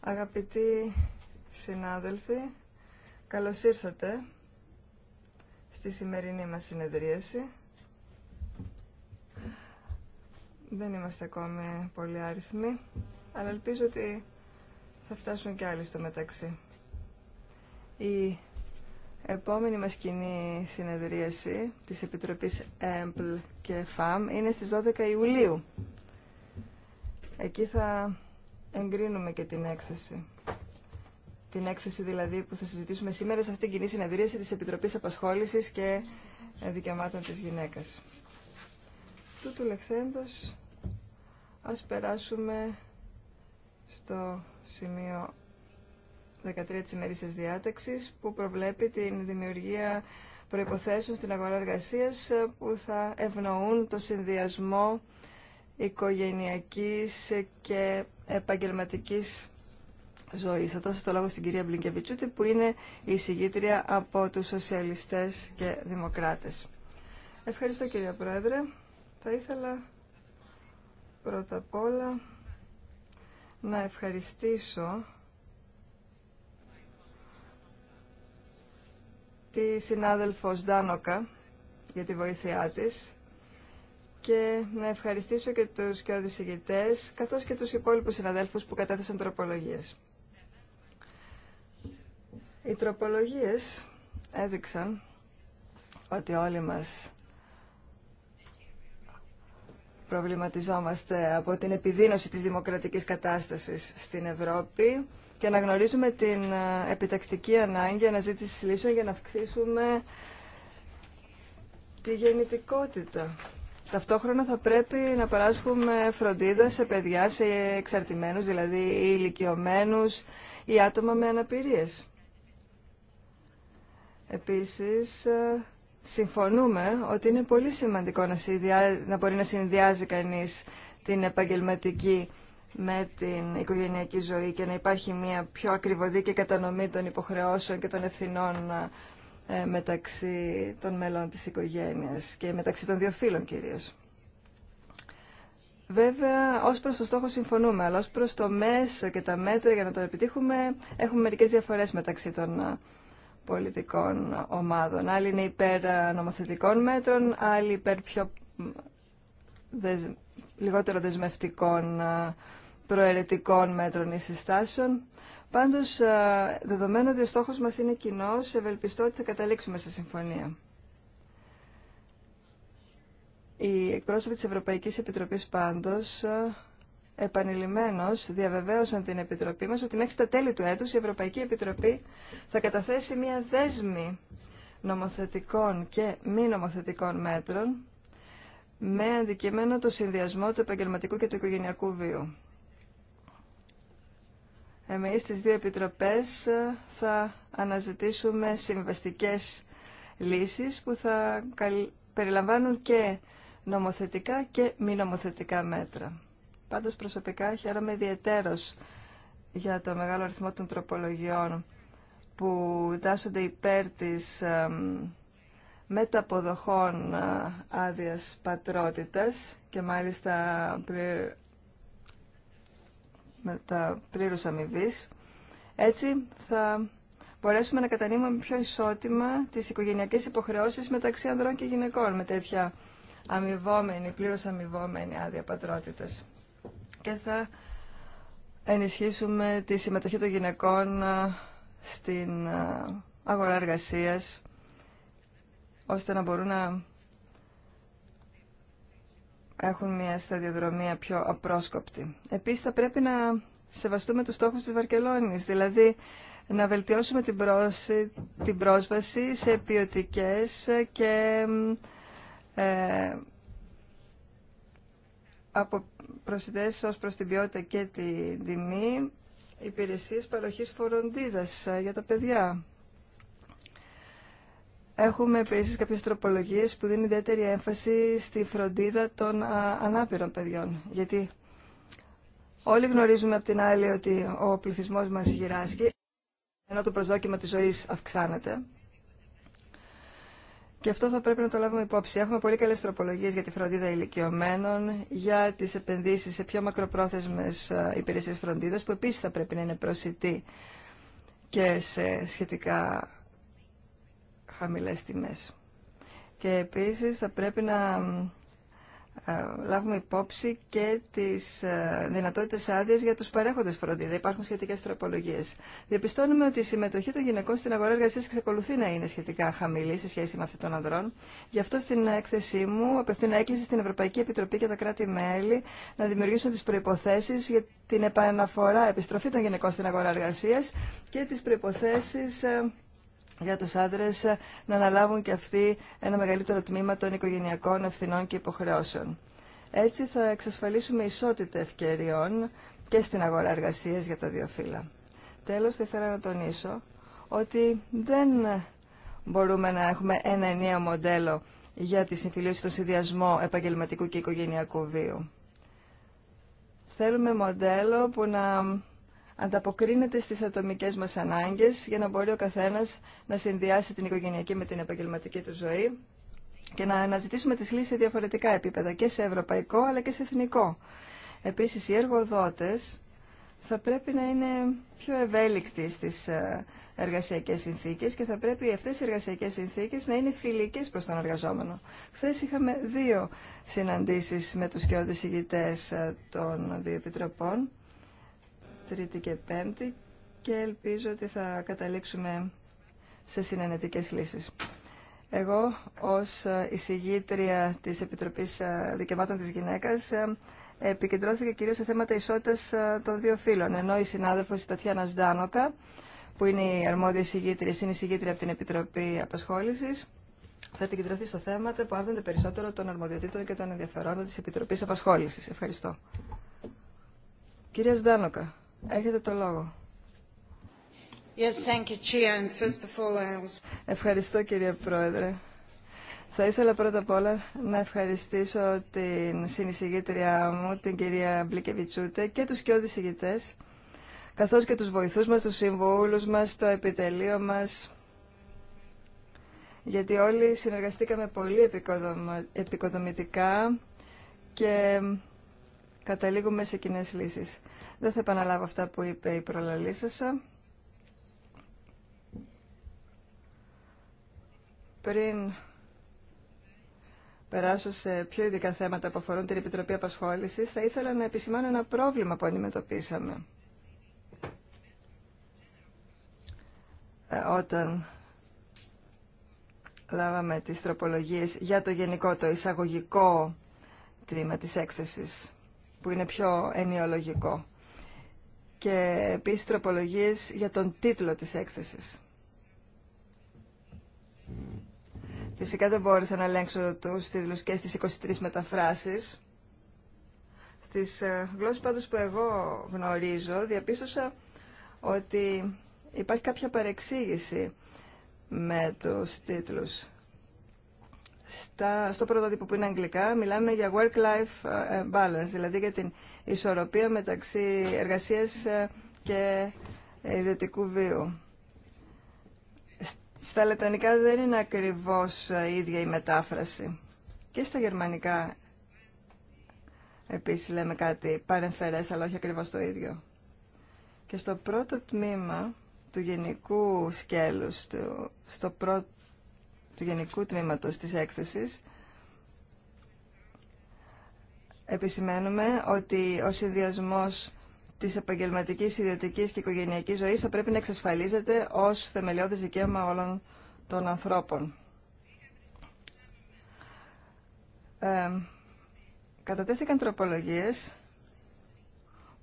Αγαπητοί συνάδελφοι, καλώς ήρθατε στη σημερινή μας συνεδρίαση. Δεν είμαστε ακόμη πολύ άριθμοι, αλλά ελπίζω ότι θα φτάσουν και άλλοι στο μεταξύ. Η επόμενη μας κοινή συνεδρίαση της Επιτροπής ΕΜΠΛ και ΦΑΜ είναι στις 12 Ιουλίου. Εκεί θα εγκρίνουμε και την έκθεση. Την έκθεση δηλαδή που θα συζητήσουμε σήμερα σε αυτήν την κοινή συνεδρίαση της Επιτροπής Απασχόλησης και ε, Δικαιωμάτων της Γυναίκας. Τούτου λεχθέντος, ας περάσουμε στο σημείο 13 της ημερήσιας διάταξης που προβλέπει την δημιουργία προϋποθέσεων στην αγορά εργασίας ε, που θα ευνοούν το συνδυασμό οικογενειακής και επαγγελματικής ζωής. Θα δώσω το λόγο στην κυρία Μπλινκεβιτσούτη που είναι η συγγήτρια από τους σοσιαλιστές και δημοκράτες. Ευχαριστώ κυρία Πρόεδρε. Θα ήθελα πρώτα απ' όλα να ευχαριστήσω τη συνάδελφος Δάνοκα για τη βοήθειά της και να ευχαριστήσω και τους και οδησηγητές, καθώς και τους υπόλοιπους συναδέλφους που κατέθεσαν τροπολογίες. Οι τροπολογίες έδειξαν ότι όλοι μας προβληματιζόμαστε από την επιδείνωση της δημοκρατικής κατάστασης στην Ευρώπη και να γνωρίζουμε την ε, επιτακτική ανάγκη αναζήτησης λύσεων για να αυξήσουμε τη γεννητικότητα Ταυτόχρονα θα πρέπει να παράσχουμε φροντίδα σε παιδιά, σε εξαρτημένους, δηλαδή ηλικιωμένου ηλικιωμένους ή άτομα με αναπηρίες. Επίσης, ε, συμφωνούμε ότι είναι πολύ σημαντικό να, να μπορεί να συνδυάζει κανείς την επαγγελματική με την οικογενειακή ζωή και να υπάρχει μια πιο ακριβωδή και κατανομή των υποχρεώσεων και των ευθυνών ε, ε, μεταξύ των μέλων της οικογένειας και μεταξύ των δύο φίλων κυρίως. Βέβαια, ω προ το στόχο συμφωνούμε, αλλά ω προ το μέσο και τα μέτρα για να το επιτύχουμε έχουμε μερικέ διαφορέ μεταξύ των ε, πολιτικών ομάδων. Άλλοι είναι υπέρ ε, νομοθετικών μέτρων, άλλοι υπέρ πιο λιγότερο δεσμευτικών προαιρετικών μέτρων ή συστάσεων. Πάντως, δεδομένου ότι ο στόχος μας είναι κοινό, ευελπιστώ ότι θα καταλήξουμε σε συμφωνία. Οι εκπρόσωποι της Ευρωπαϊκής Επιτροπής πάντως επανειλημμένως διαβεβαίωσαν την Επιτροπή μας ότι μέχρι τα τέλη του έτους η Ευρωπαϊκή Επιτροπή θα καταθέσει μια δέσμη νομοθετικών και μη νομοθετικών μέτρων με αντικείμενο το συνδυασμό του επαγγελματικού και του οικογενειακού βίου. Εμείς στις δύο επιτροπές ε, θα αναζητήσουμε συμβαστικές λύσεις που θα περιλαμβάνουν και νομοθετικά και μη νομοθετικά μέτρα. Πάντως προσωπικά χαίρομαι ιδιαίτερος για το μεγάλο αριθμό των τροπολογιών που τάσσονται υπέρ της μεταποδοχών ε, άδειας πατρότητας και μάλιστα τα πλήρους αμοιβή. Έτσι θα μπορέσουμε να κατανείμουμε πιο ισότιμα τις οικογενειακές υποχρεώσεις μεταξύ ανδρών και γυναικών με τέτοια αμοιβόμενη, πλήρως αμοιβόμενη άδεια πατρότητας. Και θα ενισχύσουμε τη συμμετοχή των γυναικών στην αγορά εργασίας, ώστε να μπορούν να έχουν μια σταδιοδρομία πιο απρόσκοπτη. Επίσης θα πρέπει να σεβαστούμε τους στόχους της Βαρκελόνης, δηλαδή να βελτιώσουμε την, την πρόσβαση σε ποιοτικέ και ε, από προσιτές ως προς την ποιότητα και την τιμή υπηρεσίες παροχής φοροντίδας για τα παιδιά. Έχουμε επίσης κάποιες τροπολογίες που δίνουν ιδιαίτερη έμφαση στη φροντίδα των ανάπηρων παιδιών. Γιατί όλοι γνωρίζουμε από την άλλη ότι ο πληθυσμός μας γυράσκει, ενώ το προσδόκιμα της ζωής αυξάνεται. Και αυτό θα πρέπει να το λάβουμε υπόψη. Έχουμε πολύ καλές τροπολογίες για τη φροντίδα ηλικιωμένων, για τις επενδύσεις σε πιο μακροπρόθεσμες υπηρεσίες φροντίδας, που επίσης θα πρέπει να είναι προσιτή και σε σχετικά χαμηλές τιμές. Και επίσης θα πρέπει να ε, λάβουμε υπόψη και τις ε, δυνατότητες άδεια για τους παρέχοντες φροντίδα. Υπάρχουν σχετικές τροπολογίες. Διαπιστώνουμε ότι η συμμετοχή των γυναικών στην αγορά εργασίας εξακολουθεί να είναι σχετικά χαμηλή σε σχέση με αυτή των ανδρών. Γι' αυτό στην έκθεσή μου απευθύνω έκκληση στην Ευρωπαϊκή Επιτροπή και τα κράτη-μέλη να δημιουργήσουν τις προϋποθέσεις για την επαναφορά, επιστροφή των γυναικών στην αγορά εργασίας και τις προϋποθέσεις ε, για τους άντρες να αναλάβουν και αυτοί ένα μεγαλύτερο τμήμα των οικογενειακών ευθυνών και υποχρεώσεων. Έτσι θα εξασφαλίσουμε ισότητα ευκαιριών και στην αγορά εργασίας για τα δύο φύλλα. Τέλος, θα ήθελα να τονίσω ότι δεν μπορούμε να έχουμε ένα ενιαίο μοντέλο για τη συμφιλίωση στον συνδυασμό επαγγελματικού και οικογενειακού βίου. Θέλουμε μοντέλο που να ανταποκρίνεται στις ατομικές μας ανάγκες για να μπορεί ο καθένας να συνδυάσει την οικογενειακή με την επαγγελματική του ζωή και να αναζητήσουμε τις λύσεις σε διαφορετικά επίπεδα και σε ευρωπαϊκό αλλά και σε εθνικό. Επίσης οι εργοδότες θα πρέπει να είναι πιο ευέλικτοι στις ε, εργασιακές συνθήκες και θα πρέπει αυτές οι εργασιακές συνθήκες να είναι φιλικές προς τον εργαζόμενο. Χθε είχαμε δύο συναντήσεις με τους και ηγητές ε, των δύο επιτροπών Τρίτη και Πέμπτη και ελπίζω ότι θα καταλήξουμε σε συνενετικές λύσεις. Εγώ ως εισηγήτρια της Επιτροπής ε, Δικαιωμάτων της Γυναίκας ε, επικεντρώθηκε κυρίως σε θέματα ισότητας ε, των δύο φύλων, ενώ η συνάδελφος η Τατιάνα Σδάνοκα, που είναι η αρμόδια εισηγήτρια, είναι εισηγήτρια από την Επιτροπή Απασχόλησης, θα επικεντρωθεί στο θέμα που άφηνε περισσότερο των αρμοδιοτήτων και των ενδιαφερόντων της Επιτροπής Απασχόλησης. Ευχαριστώ. Κυρία Σδάνοκα. Έχετε το λόγο. Ευχαριστώ κύριε Πρόεδρε. Θα ήθελα πρώτα απ' όλα να ευχαριστήσω την συνεισηγήτριά μου, την κυρία Μπλικεβιτσούτε και τους και ηγητές, καθώς και τους βοηθούς μας, τους συμβούλους μας, το επιτελείο μας, γιατί όλοι συνεργαστήκαμε πολύ επικοδομητικά και καταλήγουμε σε κοινέ λύσει. Δεν θα επαναλάβω αυτά που είπε η προλαλήσασα. Πριν περάσω σε πιο ειδικά θέματα που αφορούν την Επιτροπή Απασχόληση, θα ήθελα να επισημάνω ένα πρόβλημα που αντιμετωπίσαμε. Ε, όταν λάβαμε τις τροπολογίες για το γενικό, το εισαγωγικό τρίμα της έκθεσης που είναι πιο ενιολογικό και επίσης τροπολογίες για τον τίτλο της έκθεσης. Φυσικά δεν μπόρεσα να ελέγξω τους τίτλους και στις 23 μεταφράσεις. Στις ε, γλώσσες πάντως που εγώ γνωρίζω διαπίστωσα ότι υπάρχει κάποια παρεξήγηση με τους τίτλους στα, στο πρωτότυπο που είναι αγγλικά μιλάμε για work-life ε, balance, δηλαδή για την ισορροπία μεταξύ εργασίας ε, και ιδιωτικού βίου. Στα λετωνικά δεν είναι ακριβώς ε, η ίδια η μετάφραση. Και στα γερμανικά επίσης λέμε κάτι παρεμφερές, αλλά όχι ακριβώς το ίδιο. Και στο πρώτο τμήμα του γενικού σκέλους, στο πρώτο του Γενικού Τμήματος της έκθεσης, επισημαίνουμε ότι ο συνδυασμός της επαγγελματικής, ιδιωτικής και οικογενειακής ζωής θα πρέπει να εξασφαλίζεται ως θεμελιώδης δικαίωμα όλων των ανθρώπων. Ε, κατατέθηκαν τροπολογίες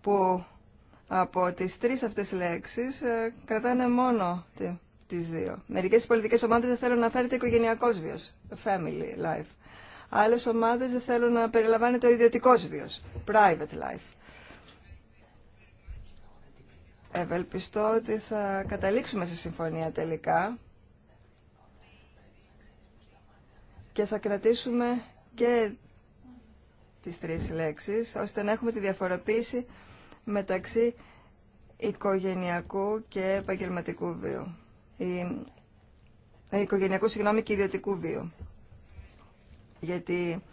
που από τις τρεις αυτές λέξεις ε, κρατάνε μόνο τη τις δύο. Μερικές πολιτικές ομάδες δεν θέλουν να φέρεται οικογενειακός βίος, family life. Άλλες ομάδες δεν θέλουν να περιλαμβάνει το ιδιωτικός βίος, private life. Ευελπιστώ ότι θα καταλήξουμε σε συμφωνία τελικά και θα κρατήσουμε και τις τρεις λέξεις, ώστε να έχουμε τη διαφοροποίηση μεταξύ οικογενειακού και επαγγελματικού βίου. Ε, οικογενειακού συγγνώμη, και ιδιωτικού βίου. Γιατί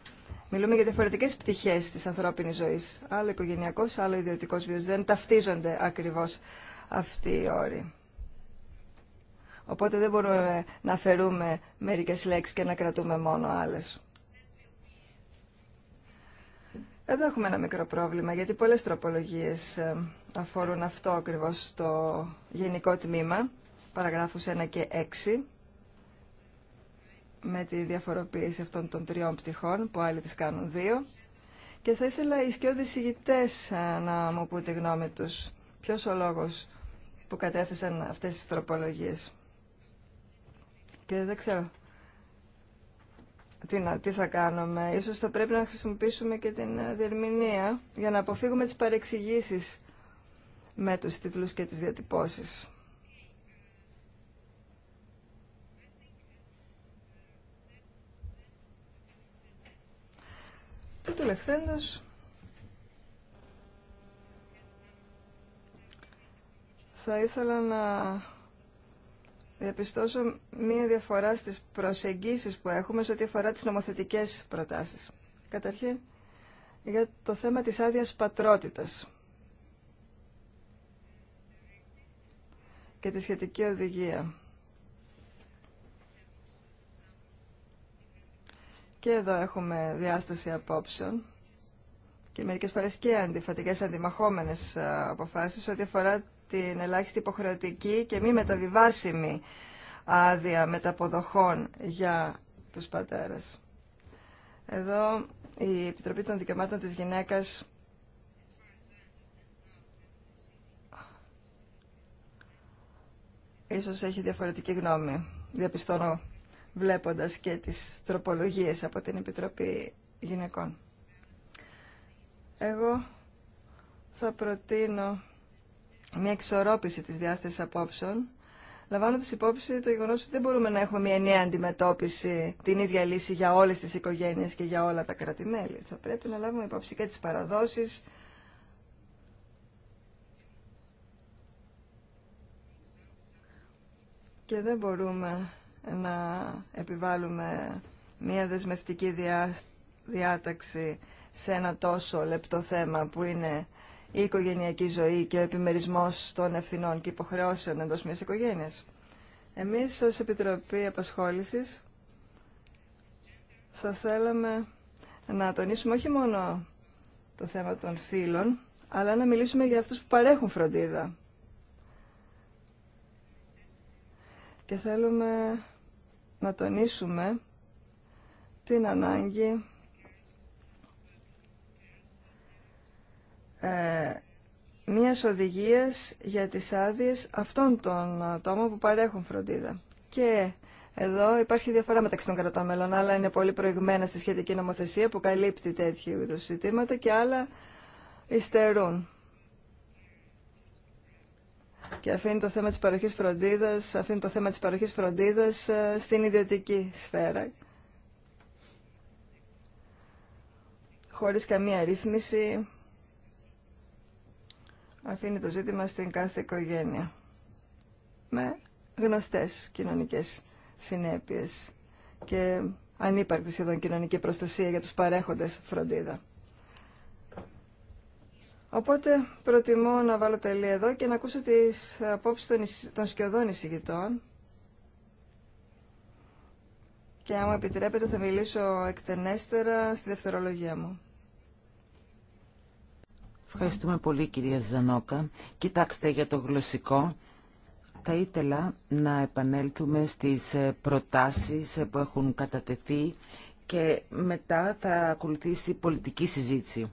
μιλούμε για διαφορετικέ πτυχέ τη ανθρώπινη ζωή. Άλλο οικογενειακό, άλλο ιδιωτικό βίο. Δεν ταυτίζονται ακριβώ αυτοί οι όροι. Οπότε δεν μπορούμε να αφαιρούμε μερικές λέξει και να κρατούμε μόνο άλλε. Εδώ έχουμε ένα μικρό πρόβλημα, γιατί πολλές τροπολογίες ε, αφορούν αυτό ακριβώς στο γενικό τμήμα παραγράφους 1 και 6 με τη διαφοροποίηση αυτών των τριών πτυχών που άλλοι τις κάνουν δύο και θα ήθελα οι σκιώδεις ηγητές ε, να μου πούν τη γνώμη τους ποιος ο λόγος που κατέθεσαν αυτές τις τροπολογίες και δεν ξέρω τι, να, τι θα κάνουμε. Ίσως θα πρέπει να χρησιμοποιήσουμε και την ε, διερμηνία για να αποφύγουμε τις παρεξηγήσεις με τους τίτλους και τις διατυπώσεις. θα ήθελα να διαπιστώσω μία διαφορά στις προσεγγίσεις που έχουμε σε ό,τι αφορά τις νομοθετικές προτάσεις. Καταρχήν, για το θέμα της άδειας πατρότητας και τη σχετική οδηγία. Και εδώ έχουμε διάσταση απόψεων και μερικές φορές και αντιφατικές, αντιμαχόμενες ε, αποφάσεις ό,τι αφορά την ελάχιστη υποχρεωτική και μη μεταβιβάσιμη άδεια μεταποδοχών για τους πατέρες. Εδώ η Επιτροπή των Δικαιωμάτων της Γυναίκας ίσως έχει διαφορετική γνώμη. Διαπιστώνω βλέποντας και τις τροπολογίες από την Επιτροπή Γυναικών. Εγώ θα προτείνω μια εξορρόπηση της διάστασης απόψεων, λαμβάνοντας υπόψη το γεγονός ότι δεν μπορούμε να έχουμε μια ενιαία αντιμετώπιση, την ίδια λύση για όλες τις οικογένειες και για όλα τα κρατημέλη. Θα πρέπει να λάβουμε υπόψη και τις παραδόσεις, και δεν μπορούμε να επιβάλλουμε μια δεσμευτική διάταξη σε ένα τόσο λεπτό θέμα που είναι η οικογενειακή ζωή και ο επιμερισμός των ευθυνών και υποχρεώσεων εντός μιας οικογένειας. Εμείς ως Επιτροπή Απασχόλησης θα θέλαμε να τονίσουμε όχι μόνο το θέμα των φίλων, αλλά να μιλήσουμε για αυτούς που παρέχουν φροντίδα. Και θέλουμε να τονίσουμε την ανάγκη ε, μιας οδηγίας για τις άδειες αυτών των ατόμων που παρέχουν φροντίδα. Και εδώ υπάρχει διαφορά μεταξύ των κρατών Άλλα είναι πολύ προηγμένα στη σχετική νομοθεσία που καλύπτει τέτοιου είδους ζητήματα και άλλα υστερούν και αφήνει το θέμα της παροχής φροντίδας, αφήνει το θέμα της παροχής φροντίδας ε, στην ιδιωτική σφαίρα. Χωρίς καμία ρύθμιση αφήνει το ζήτημα στην κάθε οικογένεια. Με γνωστές κοινωνικές συνέπειες και ανύπαρκτη σχεδόν κοινωνική προστασία για τους παρέχοντες φροντίδα. Οπότε προτιμώ να βάλω τελεία εδώ και να ακούσω τις απόψεις των σκιωδών εισηγητών. Και άμα επιτρέπετε θα μιλήσω εκτενέστερα στη δευτερολογία μου. Ευχαριστούμε πολύ κυρία Ζανόκα. Κοιτάξτε για το γλωσσικό. Θα ήθελα να επανέλθουμε στις προτάσεις που έχουν κατατεθεί και μετά θα ακολουθήσει πολιτική συζήτηση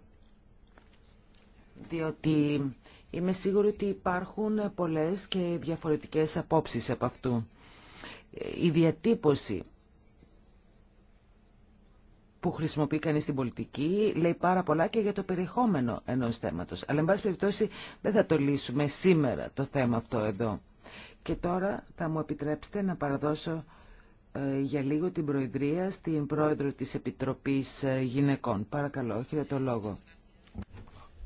διότι είμαι σίγουρη ότι υπάρχουν πολλές και διαφορετικές απόψεις από αυτού. Η διατύπωση που χρησιμοποιεί κανεί στην πολιτική λέει πάρα πολλά και για το περιεχόμενο ενός θέματος. Αλλά, εν πάση περιπτώσει, δεν θα το λύσουμε σήμερα το θέμα αυτό εδώ. Και τώρα θα μου επιτρέψετε να παραδώσω ε, για λίγο την Προεδρία στην Πρόεδρο της Επιτροπής ε, Γυναικών. Παρακαλώ, έχετε το λόγο.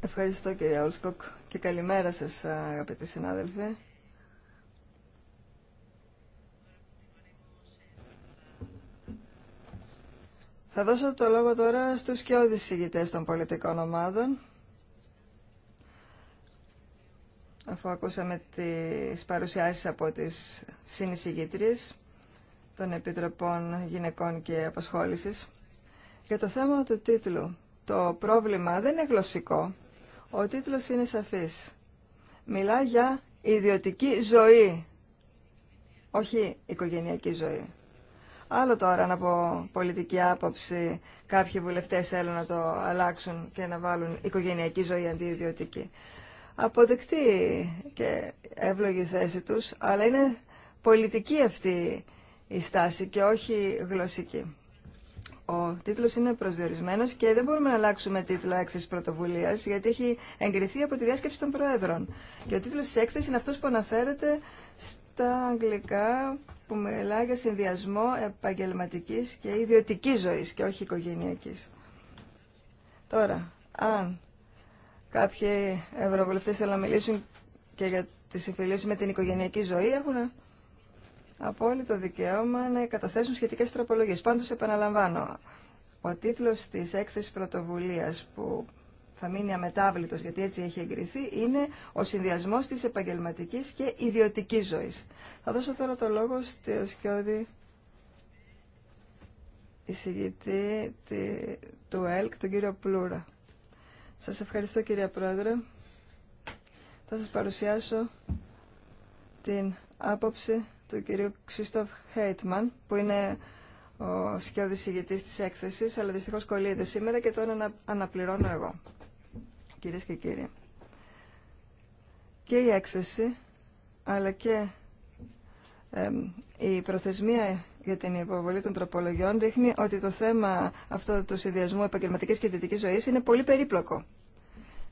Ευχαριστώ κύριε Όλσκοκ και καλημέρα σας αγαπητοί συνάδελφοι. Θα δώσω το λόγο τώρα στους και συγγητές των πολιτικών ομάδων. Αφού ακούσαμε τις παρουσιάσεις από τις συνεισηγήτριες των Επιτροπών Γυναικών και Απασχόλησης, για το θέμα του τίτλου, το πρόβλημα δεν είναι γλωσσικό, ο τίτλος είναι σαφής. Μιλά για ιδιωτική ζωή, όχι οικογενειακή ζωή. Άλλο τώρα να πω πολιτική άποψη, κάποιοι βουλευτές θέλουν να το αλλάξουν και να βάλουν οικογενειακή ζωή αντί ιδιωτική. Αποδεκτή και εύλογη θέση τους, αλλά είναι πολιτική αυτή η στάση και όχι γλωσσική. Ο τίτλο είναι προσδιορισμένο και δεν μπορούμε να αλλάξουμε τίτλο έκθεση πρωτοβουλία γιατί έχει εγκριθεί από τη διάσκεψη των Προέδρων. Και ο τίτλος τη Έκθεση είναι αυτός που αναφέρεται στα αγγλικά που μιλά για συνδυασμό επαγγελματική και ιδιωτική ζωής και όχι οικογενειακής. Τώρα, αν κάποιοι ευρωβουλευτέ θέλουν να μιλήσουν και για τι συμφιλίωση με την οικογενειακή ζωή, έχουν απόλυτο δικαίωμα να καταθέσουν σχετικές τροπολογίες. Πάντως επαναλαμβάνω, ο τίτλος της έκθεσης πρωτοβουλίας που θα μείνει αμετάβλητος γιατί έτσι έχει εγκριθεί είναι ο συνδυασμός της επαγγελματικής και ιδιωτικής ζωής. Θα δώσω τώρα το λόγο στο Σκιώδη εισηγητή του ΕΛΚ, τον κύριο Πλούρα. Σας ευχαριστώ κύριε Πρόεδρε. Θα σας παρουσιάσω την άποψη του κυρίου Ξίστοφ Χέιτμαν, που είναι ο σκιώδης ηγητής της έκθεσης, αλλά δυστυχώς κολλείται σήμερα και τον αναπληρώνω εγώ, κυρίες και κύριοι. Και η έκθεση, αλλά και η προθεσμία για την υποβολή των τροπολογιών δείχνει ότι το θέμα αυτό του συνδυασμού επαγγελματικής και δυτική ζωής είναι πολύ περίπλοκο.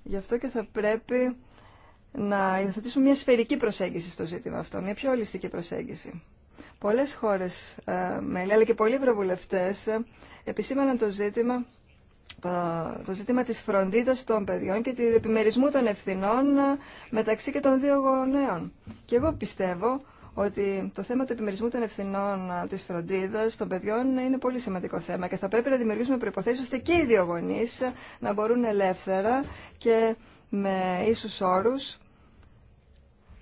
Γι' αυτό και θα πρέπει να υιοθετήσουμε μια σφαιρική προσέγγιση στο ζήτημα αυτό, μια πιο ολιστική προσέγγιση. Πολλέ χώρε ε, μέλη, αλλά και πολλοί ευρωβουλευτέ, ε, επισήμαναν το ζήτημα, το, το ζήτημα της φροντίδας των παιδιών και του επιμερισμού των ευθυνών ε, μεταξύ και των δύο γονέων. Και εγώ πιστεύω ότι το θέμα του επιμερισμού των ευθυνών τη φροντίδα των παιδιών είναι πολύ σημαντικό θέμα και θα πρέπει να δημιουργήσουμε προποθέσει ώστε και οι δύο γονεί να μπορούν ελεύθερα και με ίσους όρους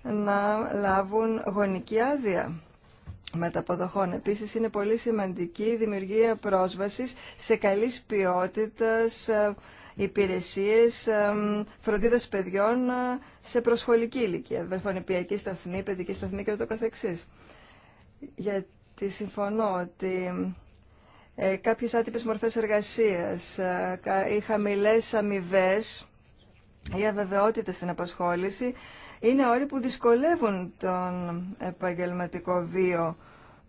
να λάβουν γονική άδεια μεταποδοχών. Επίσης είναι πολύ σημαντική η δημιουργία πρόσβασης σε καλής ποιότητας ε, υπηρεσίες ε, φροντίδας παιδιών ε, σε προσχολική ηλικία, δερφονιπιακή σταθμή, παιδική σταθμή και ούτω καθεξής. Γιατί συμφωνώ ότι κάποιες άτυπες μορφές εργασίας ή χαμηλές αμοιβέ η αβεβαιότητα στην απασχόληση είναι όροι που δυσκολεύουν τον επαγγελματικό βίο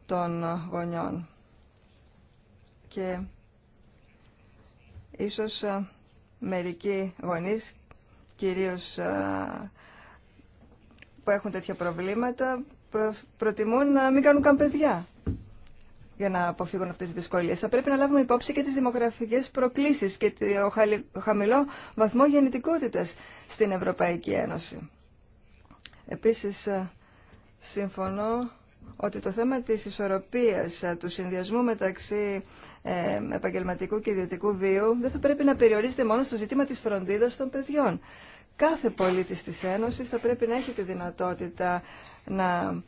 των γονιών. Και ίσως ε, μερικοί γονείς, κυρίως ε, που έχουν τέτοια προβλήματα, προτιμούν να μην κάνουν καν παιδιά για να αποφύγουν αυτές τις δυσκολίε. Θα πρέπει να λάβουμε υπόψη και τις δημογραφικές προκλήσεις και το χαμηλό βαθμό γεννητικότητα στην Ευρωπαϊκή Ένωση. Επίσης, ε, συμφωνώ ότι το θέμα της ισορροπίας, ε, του συνδυασμού μεταξύ ε, επαγγελματικού και ιδιωτικού βίου δεν θα πρέπει να περιορίζεται μόνο στο ζήτημα τη φροντίδα των παιδιών. Κάθε πολίτη τη Ένωση θα πρέπει να έχει τη δυνατότητα να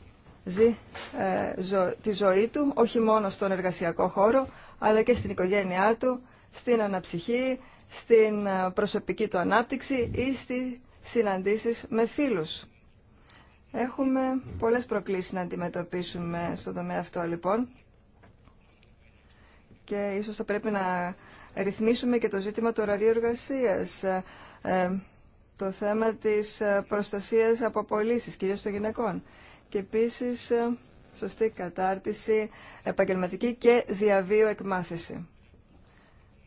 ζει ε, τη ζωή του, όχι μόνο στον εργασιακό χώρο, αλλά και στην οικογένειά του, στην αναψυχή, στην ε, προσωπική του ανάπτυξη ή στις συναντήσεις με φίλους. Έχουμε πολλές προκλήσεις να αντιμετωπίσουμε στον τομέα αυτό λοιπόν και ίσως θα πρέπει να ρυθμίσουμε και το ζήτημα του ωραρίου εργασίας, ε, το θέμα της προστασίας από απολύσεις, κυρίως των γυναικών και επίσης ε, σωστή κατάρτιση, επαγγελματική και διαβίω εκμάθηση.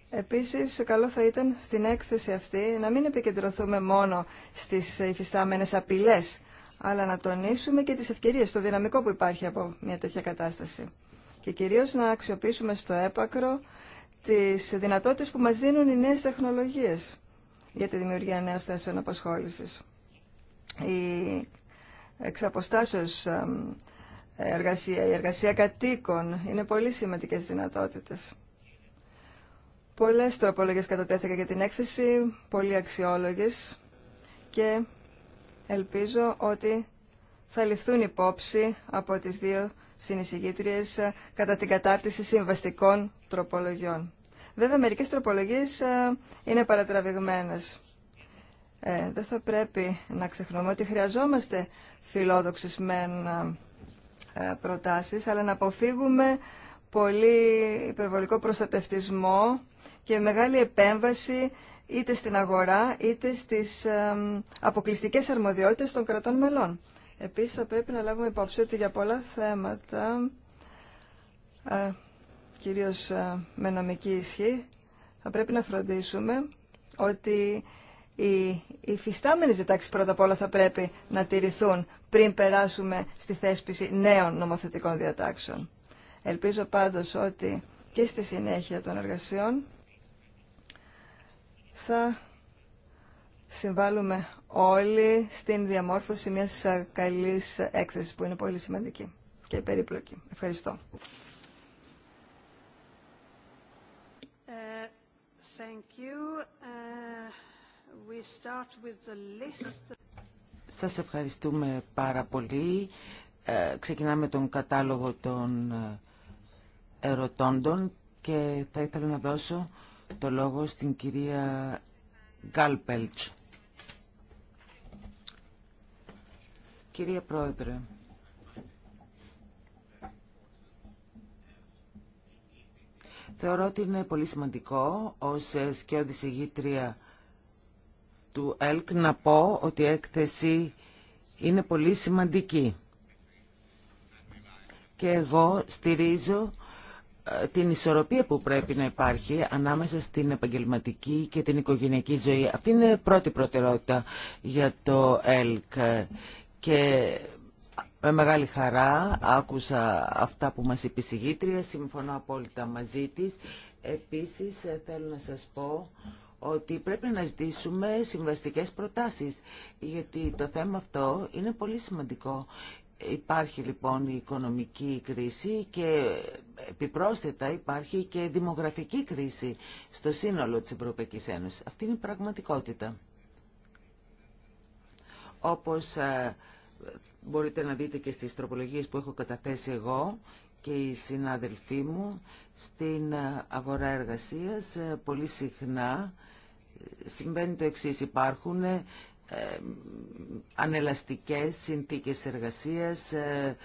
Επίσης, καλό θα ήταν στην έκθεση αυτή να μην επικεντρωθούμε μόνο στις υφιστάμενες απειλές, αλλά να τονίσουμε και τις ευκαιρίες, το δυναμικό που υπάρχει από μια τέτοια κατάσταση. Και κυρίως να αξιοποιήσουμε στο έπακρο τις δυνατότητες που μας δίνουν οι νέες τεχνολογίες για τη δημιουργία νέων θέσεων απασχόλησης. Η εξ αποστάσεως εργασία, η εργασία κατοίκων. Είναι πολύ σημαντικές δυνατότητες. Πολλές τροπολογίες κατατέθηκα για την έκθεση, πολύ αξιόλογες και ελπίζω ότι θα ληφθούν υπόψη από τις δύο συνεισηγήτριες κατά την κατάρτιση συμβαστικών τροπολογιών. Βέβαια, μερικές τροπολογίες είναι παρατραβηγμένες. Ε, δεν θα πρέπει να ξεχνούμε ότι χρειαζόμαστε φιλόδοξες μεν ε, προτάσεις, αλλά να αποφύγουμε πολύ υπερβολικό προστατευτισμό και μεγάλη επέμβαση είτε στην αγορά είτε στις ε, αποκλειστικές αρμοδιότητες των κρατών μελών. Επίσης θα πρέπει να λάβουμε υπόψη ότι για πολλά θέματα, κυρίως με νομική ισχύ, θα πρέπει να φροντίσουμε ότι οι φυστάμενες διτάξεις πρώτα απ' όλα θα πρέπει να τηρηθούν πριν περάσουμε στη θέσπιση νέων νομοθετικών διατάξεων. Ελπίζω πάντως ότι και στη συνέχεια των εργασιών θα συμβάλλουμε όλοι στην διαμόρφωση μιας καλής έκθεσης που είναι πολύ σημαντική και περίπλοκη. Ευχαριστώ. Ε, thank you. Ε, σας ευχαριστούμε πάρα πολύ. Ε, ξεκινάμε τον κατάλογο των ε, ερωτώντων και θα ήθελα να δώσω το λόγο στην κυρία Γκάλπελτς. Κυρία Πρόεδρε, θεωρώ ότι είναι πολύ σημαντικό ως σκιώδης ηγήτρια του ΕΛΚ να πω ότι η έκθεση είναι πολύ σημαντική. Και εγώ στηρίζω ε, την ισορροπία που πρέπει να υπάρχει ανάμεσα στην επαγγελματική και την οικογενειακή ζωή. Αυτή είναι πρώτη προτεραιότητα για το ΕΛΚ. Και με μεγάλη χαρά άκουσα αυτά που μας είπε η συγγήτρια, συμφωνώ απόλυτα μαζί της. Επίσης ε, θέλω να σας πω ότι πρέπει να ζητήσουμε συμβαστικές προτάσεις, γιατί το θέμα αυτό είναι πολύ σημαντικό. Υπάρχει λοιπόν η οικονομική κρίση και επιπρόσθετα υπάρχει και η δημογραφική κρίση στο σύνολο της Ευρωπαϊκής Ένωσης. Αυτή είναι η πραγματικότητα. Όπως ε, μπορείτε να δείτε και στις τροπολογίες που έχω καταθέσει εγώ και οι συνάδελφοί μου στην ε, αγορά εργασίας ε, πολύ συχνά συμβαίνει το εξής. Υπάρχουν ε, ανελαστικές συνθήκες εργασίας, ε,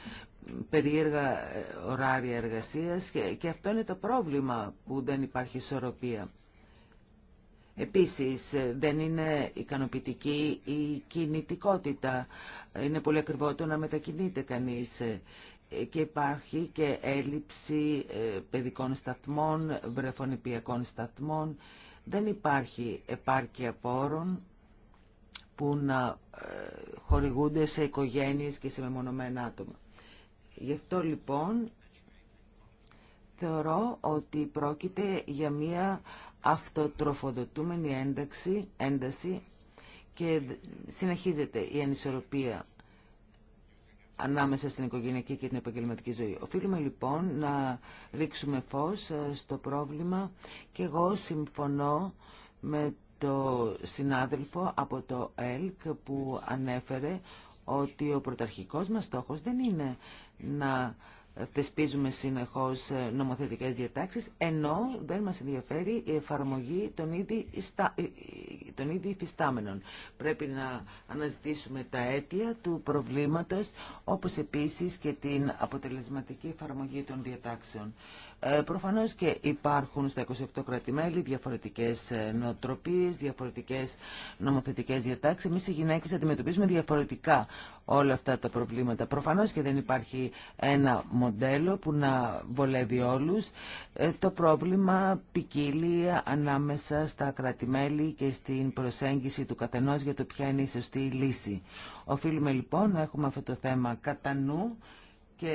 περίεργα ε, ωράρια εργασίας και, και αυτό είναι το πρόβλημα που δεν υπάρχει ισορροπία. Επίσης, ε, δεν είναι ικανοποιητική η κινητικότητα. Είναι πολύ ακριβό το να μετακινείται κανείς και υπάρχει και έλλειψη παιδικών σταθμών, βρεφονιπιακών σταθμών δεν υπάρχει επάρκεια πόρων που να ε, χορηγούνται σε οικογένειες και σε μεμονωμένα άτομα. Γι' αυτό λοιπόν θεωρώ ότι πρόκειται για μία αυτοτροφοδοτούμενη ένταξη, ένταση και συνεχίζεται η ανισορροπία ανάμεσα στην οικογενειακή και την επαγγελματική ζωή. Οφείλουμε λοιπόν να ρίξουμε φως ε, στο πρόβλημα και εγώ συμφωνώ με το συνάδελφο από το ΕΛΚ που ανέφερε ότι ο πρωταρχικός μας στόχος δεν είναι να θεσπίζουμε συνεχώς ε, νομοθετικές διατάξεις, ενώ δεν μας ενδιαφέρει η εφαρμογή των ήδη, ιστα... Ε, ε, υφιστάμενων. Πρέπει να αναζητήσουμε τα αίτια του προβλήματος, όπως επίσης και την αποτελεσματική εφαρμογή των διατάξεων. Ε, προφανώς και υπάρχουν στα 28 κρατημέλη διαφορετικές ε, νοοτροπίες, διαφορετικές νομοθετικές διατάξεις. Εμείς οι γυναίκες αντιμετωπίζουμε διαφορετικά όλα αυτά τα προβλήματα. Προφανώς και δεν υπάρχει ένα μοντέλο που να βολεύει όλους. Ε, το πρόβλημα ποικίλει ανάμεσα στα κρατημέλη και στην προσέγγιση του καθενός για το ποια είναι η σωστή λύση. Οφείλουμε λοιπόν να έχουμε αυτό το θέμα κατά νου και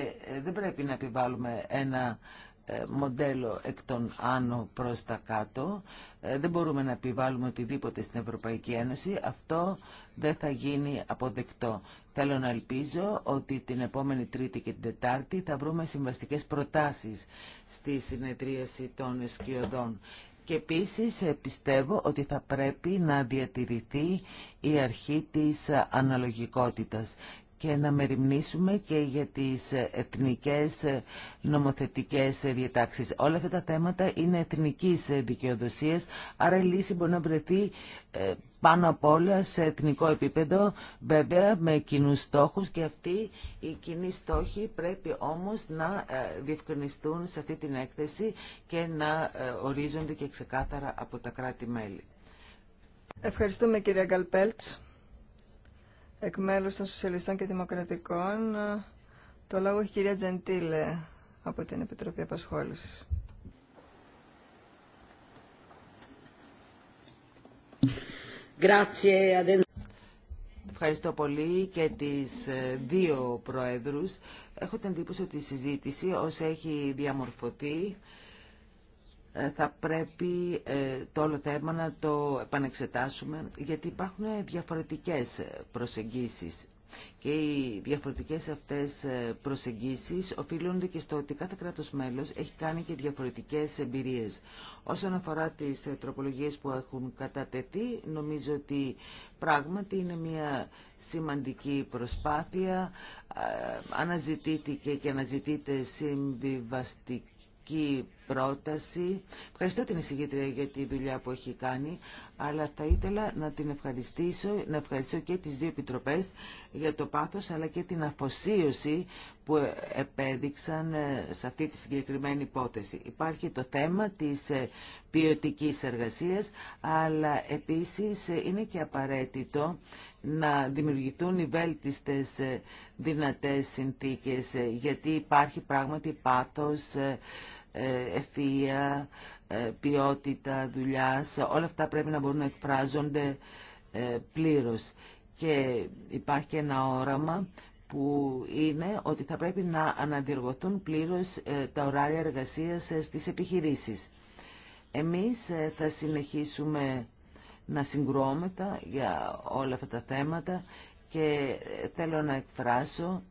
δεν πρέπει να επιβάλλουμε ένα ε, μοντέλο εκ των άνω προς τα κάτω. Ε, δεν μπορούμε να επιβάλλουμε οτιδήποτε στην Ευρωπαϊκή Ένωση. Αυτό δεν θα γίνει αποδεκτό. Θέλω να ελπίζω ότι την επόμενη Τρίτη και την Τετάρτη θα βρούμε συμβαστικές προτάσεις στη συνεδρίαση των σκιωδών. Και επίσης ε, πιστεύω ότι θα πρέπει να διατηρηθεί η αρχή της αναλογικότητας και να μεριμνήσουμε και για τις εθνικές νομοθετικές διατάξεις. Όλα αυτά τα θέματα είναι εθνικής δικαιοδοσίας, άρα η λύση μπορεί να βρεθεί ε, πάνω απ' όλα σε εθνικό επίπεδο, βέβαια με κοινούς στόχους και αυτοί οι κοινοί στόχοι πρέπει όμως να ε, διευκρινιστούν σε αυτή την έκθεση και να ε, ορίζονται και ξεκάθαρα από τα κράτη-μέλη. Ευχαριστούμε κυρία Γκαλπέλτς εκ μέλου των Σοσιαλιστών και Δημοκρατικών. Το λόγο έχει η κυρία Τζεντήλε από την Επιτροπή Απασχόληση. Ευχαριστώ πολύ και τις ε, δύο Προέδρους. Έχω την εντύπωση ότι η συζήτηση όσο έχει διαμορφωθεί ε, θα πρέπει ε, το όλο θέμα να το επανεξετάσουμε γιατί υπάρχουν ε, διαφορετικές προσεγγίσεις και οι διαφορετικές αυτές προσεγγίσεις οφείλονται και στο ότι κάθε κράτος μέλος έχει κάνει και διαφορετικές εμπειρίες. Όσον αφορά τις τροπολογίες που έχουν κατατεθεί, νομίζω ότι πράγματι είναι μια σημαντική προσπάθεια. Αναζητήθηκε και αναζητείται συμβιβαστική πρόταση. Ευχαριστώ την εισηγήτρια για τη δουλειά που έχει κάνει, αλλά θα ήθελα να την ευχαριστήσω, να ευχαριστήσω και τις δύο επιτροπές για το πάθος, αλλά και την αφοσίωση που επέδειξαν ε, σε αυτή τη συγκεκριμένη υπόθεση. Υπάρχει το θέμα της ε, ποιοτική εργασίας, αλλά επίσης ε, είναι και απαραίτητο να δημιουργηθούν οι βέλτιστες δυνατές συνθήκες, γιατί υπάρχει πράγματι πάθος, ευθεία, ποιότητα δουλειάς, όλα αυτά πρέπει να μπορούν να εκφράζονται πλήρως. Και υπάρχει ένα όραμα που είναι ότι θα πρέπει να αναδιεργοθούν πλήρως ε, τα ωράρια εργασίας ε, στις επιχειρήσεις. Εμείς ε, θα συνεχίσουμε να συγκρόμετα για όλα αυτά τα θέματα και θέλω να εκφράσω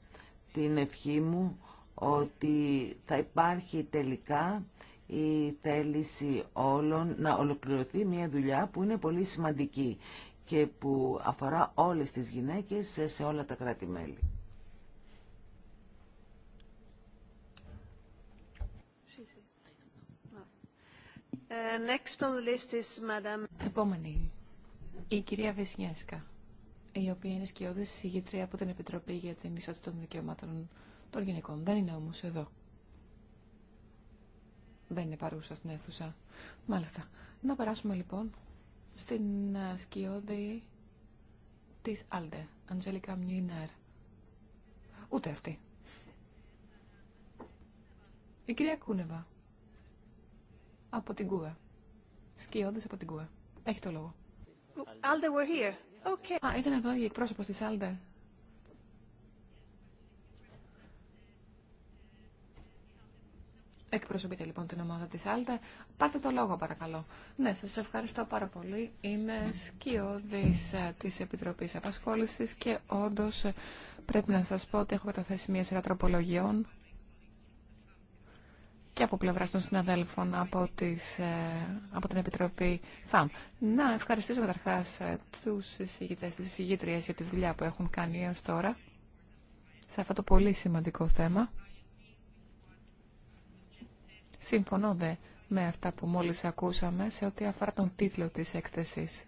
την ευχή μου ότι θα υπάρχει τελικά η θέληση όλων να ολοκληρωθεί μια δουλειά που είναι πολύ σημαντική και που αφορά όλες τις γυναίκες σε όλα τα κράτη-μέλη. Ε, Επόμενη, η κυρία Βυσνιέσκα, η οποία είναι σκιώδης συγγήτρια από την Επιτροπή για την Ισότητα των Δικαιωμάτων των Γυναικών. Δεν είναι όμως εδώ. Δεν είναι παρούσα στην αίθουσα. Μάλιστα. Να περάσουμε λοιπόν στην ε, σκιώδη της Άλντε, Αντζέλικα Μνινάρ. Ούτε αυτή. Η κυρία Κούνεβα από την Κούβα. Σκιώδε από την Κούα. Έχει το λόγο. we're here. Okay. Α, ήταν εδώ η εκπρόσωπο τη Άλτε. Εκπροσωπείτε λοιπόν την ομάδα της Άλτα. Πάρτε το λόγο παρακαλώ. Ναι, σας ευχαριστώ πάρα πολύ. Είμαι σκιώδης ε, της Επιτροπής Απασχόλησης και όντως ε, πρέπει να σας πω ότι έχω καταθέσει μια σειρά τροπολογιών και από πλευρά των συναδέλφων από, τις, ε, από την Επιτροπή ΘΑΜ. Να ευχαριστήσω καταρχάς ε, τους εισηγητές, τις εισηγήτριες για τη δουλειά που έχουν κάνει έω τώρα σε αυτό το πολύ σημαντικό θέμα. Συμφωνώ δε με αυτά που μόλις ακούσαμε σε ό,τι αφορά τον τίτλο της έκθεσης.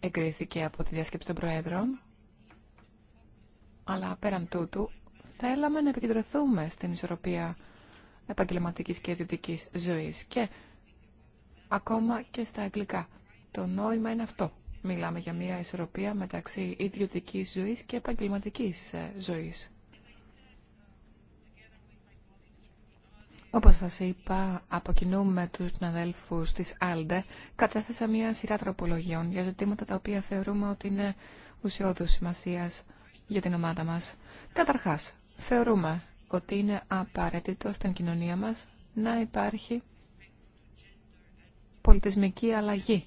Εγκρίθηκε από τη διάσκεψη των Προέδρων, αλλά πέραν τούτου θέλαμε να επικεντρωθούμε στην ισορροπία Επαγγελματική και ιδιωτική ζωής και ακόμα και στα αγγλικά. Το νόημα είναι αυτό. Μιλάμε για μια ισορροπία μεταξύ ιδιωτικής ζωής και επαγγελματική ε, ζωής. Όπως σας είπα, από κοινού με τους συναδέλφους της ΑΛΔΕ, κατέθεσα μια σειρά τροπολογιών για ζητήματα τα οποία θεωρούμε ότι είναι ουσιώδους σημασίας για την ομάδα μας. Καταρχάς, θεωρούμε ότι είναι απαραίτητο στην κοινωνία μας να υπάρχει πολιτισμική αλλαγή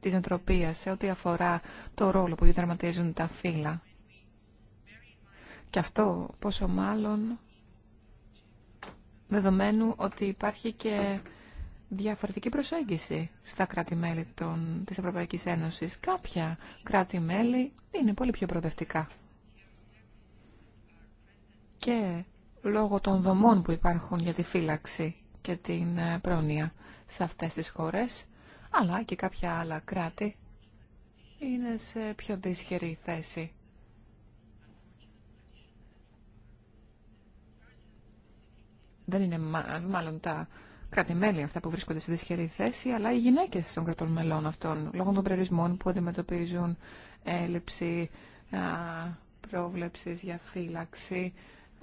της νοοτροπίας σε ό,τι αφορά το ρόλο που διδραματίζουν τα φύλλα. Και αυτό πόσο μάλλον δεδομένου ότι υπάρχει και διαφορετική προσέγγιση στα κράτη-μέλη της Ευρωπαϊκής Ένωσης. Κάποια κράτη-μέλη είναι πολύ πιο προοδευτικά. Και λόγω των δομών που υπάρχουν για τη φύλαξη και την ε, πρόνοια σε αυτές τις χώρες, αλλά και κάποια άλλα κράτη είναι σε πιο δύσχερη θέση. Δεν είναι μάλλον τα κράτη-μέλη αυτά που βρίσκονται σε δύσχερη θέση, αλλά οι γυναίκες των κρατών μελών αυτών, λόγω των περιορισμών που αντιμετωπίζουν έλλειψη πρόβλεψης για φύλαξη,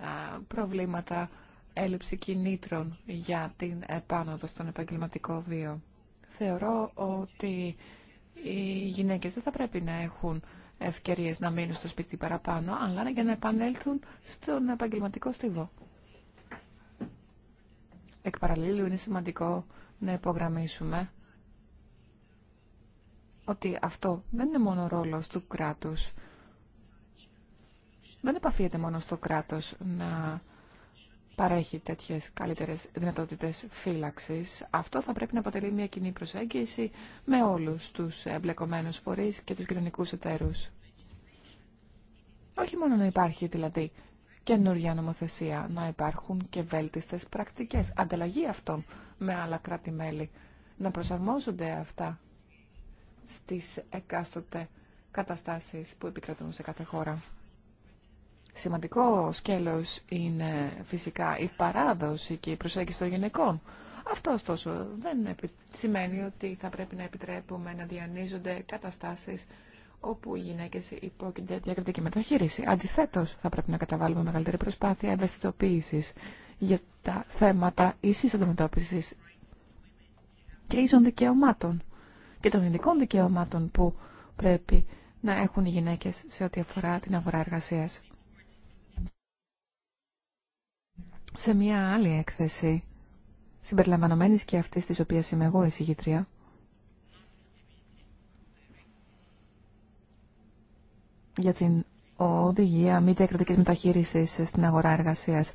ε, προβλήματα έλλειψη κινήτρων για την επάνωδο στον επαγγελματικό βίο. Θεωρώ ότι οι γυναίκες δεν θα πρέπει να έχουν ευκαιρίες να μείνουν στο σπίτι παραπάνω, αλλά για να επανέλθουν στον επαγγελματικό στίβο. Εκ παραλλήλου είναι σημαντικό να υπογραμμίσουμε ότι αυτό δεν είναι μόνο ρόλος του κράτους δεν επαφίεται μόνο στο κράτος να παρέχει τέτοιες καλύτερες δυνατότητες φύλαξης. Αυτό θα πρέπει να αποτελεί μια κοινή προσέγγιση με όλους τους εμπλεκομένους φορείς και τους κοινωνικού εταίρους. Όχι μόνο να υπάρχει δηλαδή καινούργια νομοθεσία, να υπάρχουν και βέλτιστες πρακτικές, ανταλλαγή αυτών με άλλα κράτη-μέλη, να προσαρμόζονται αυτά στις εκάστοτε καταστάσεις που επικρατούν σε κάθε χώρα. Σημαντικό σκέλος είναι φυσικά η παράδοση και η προσέγγιση των γυναικών. Αυτό ωστόσο δεν σημαίνει ότι θα πρέπει να επιτρέπουμε να διανύζονται καταστάσεις όπου οι γυναίκες υπόκεινται διακριτική μεταχείριση. Αντιθέτως, θα πρέπει να καταβάλουμε μεγαλύτερη προσπάθεια ευαισθητοποίησης για τα θέματα ίσης αντιμετώπισης και ίσων δικαιωμάτων και των ειδικών δικαιωμάτων που πρέπει να έχουν οι γυναίκες σε ό,τι αφορά την αγορά εργασίας. σε μια άλλη έκθεση, συμπεριλαμβανομένης και αυτής της οποίας είμαι εγώ εισηγήτρια, για την οδηγία μη διακριτικής μεταχείρισης στην αγορά εργασίας.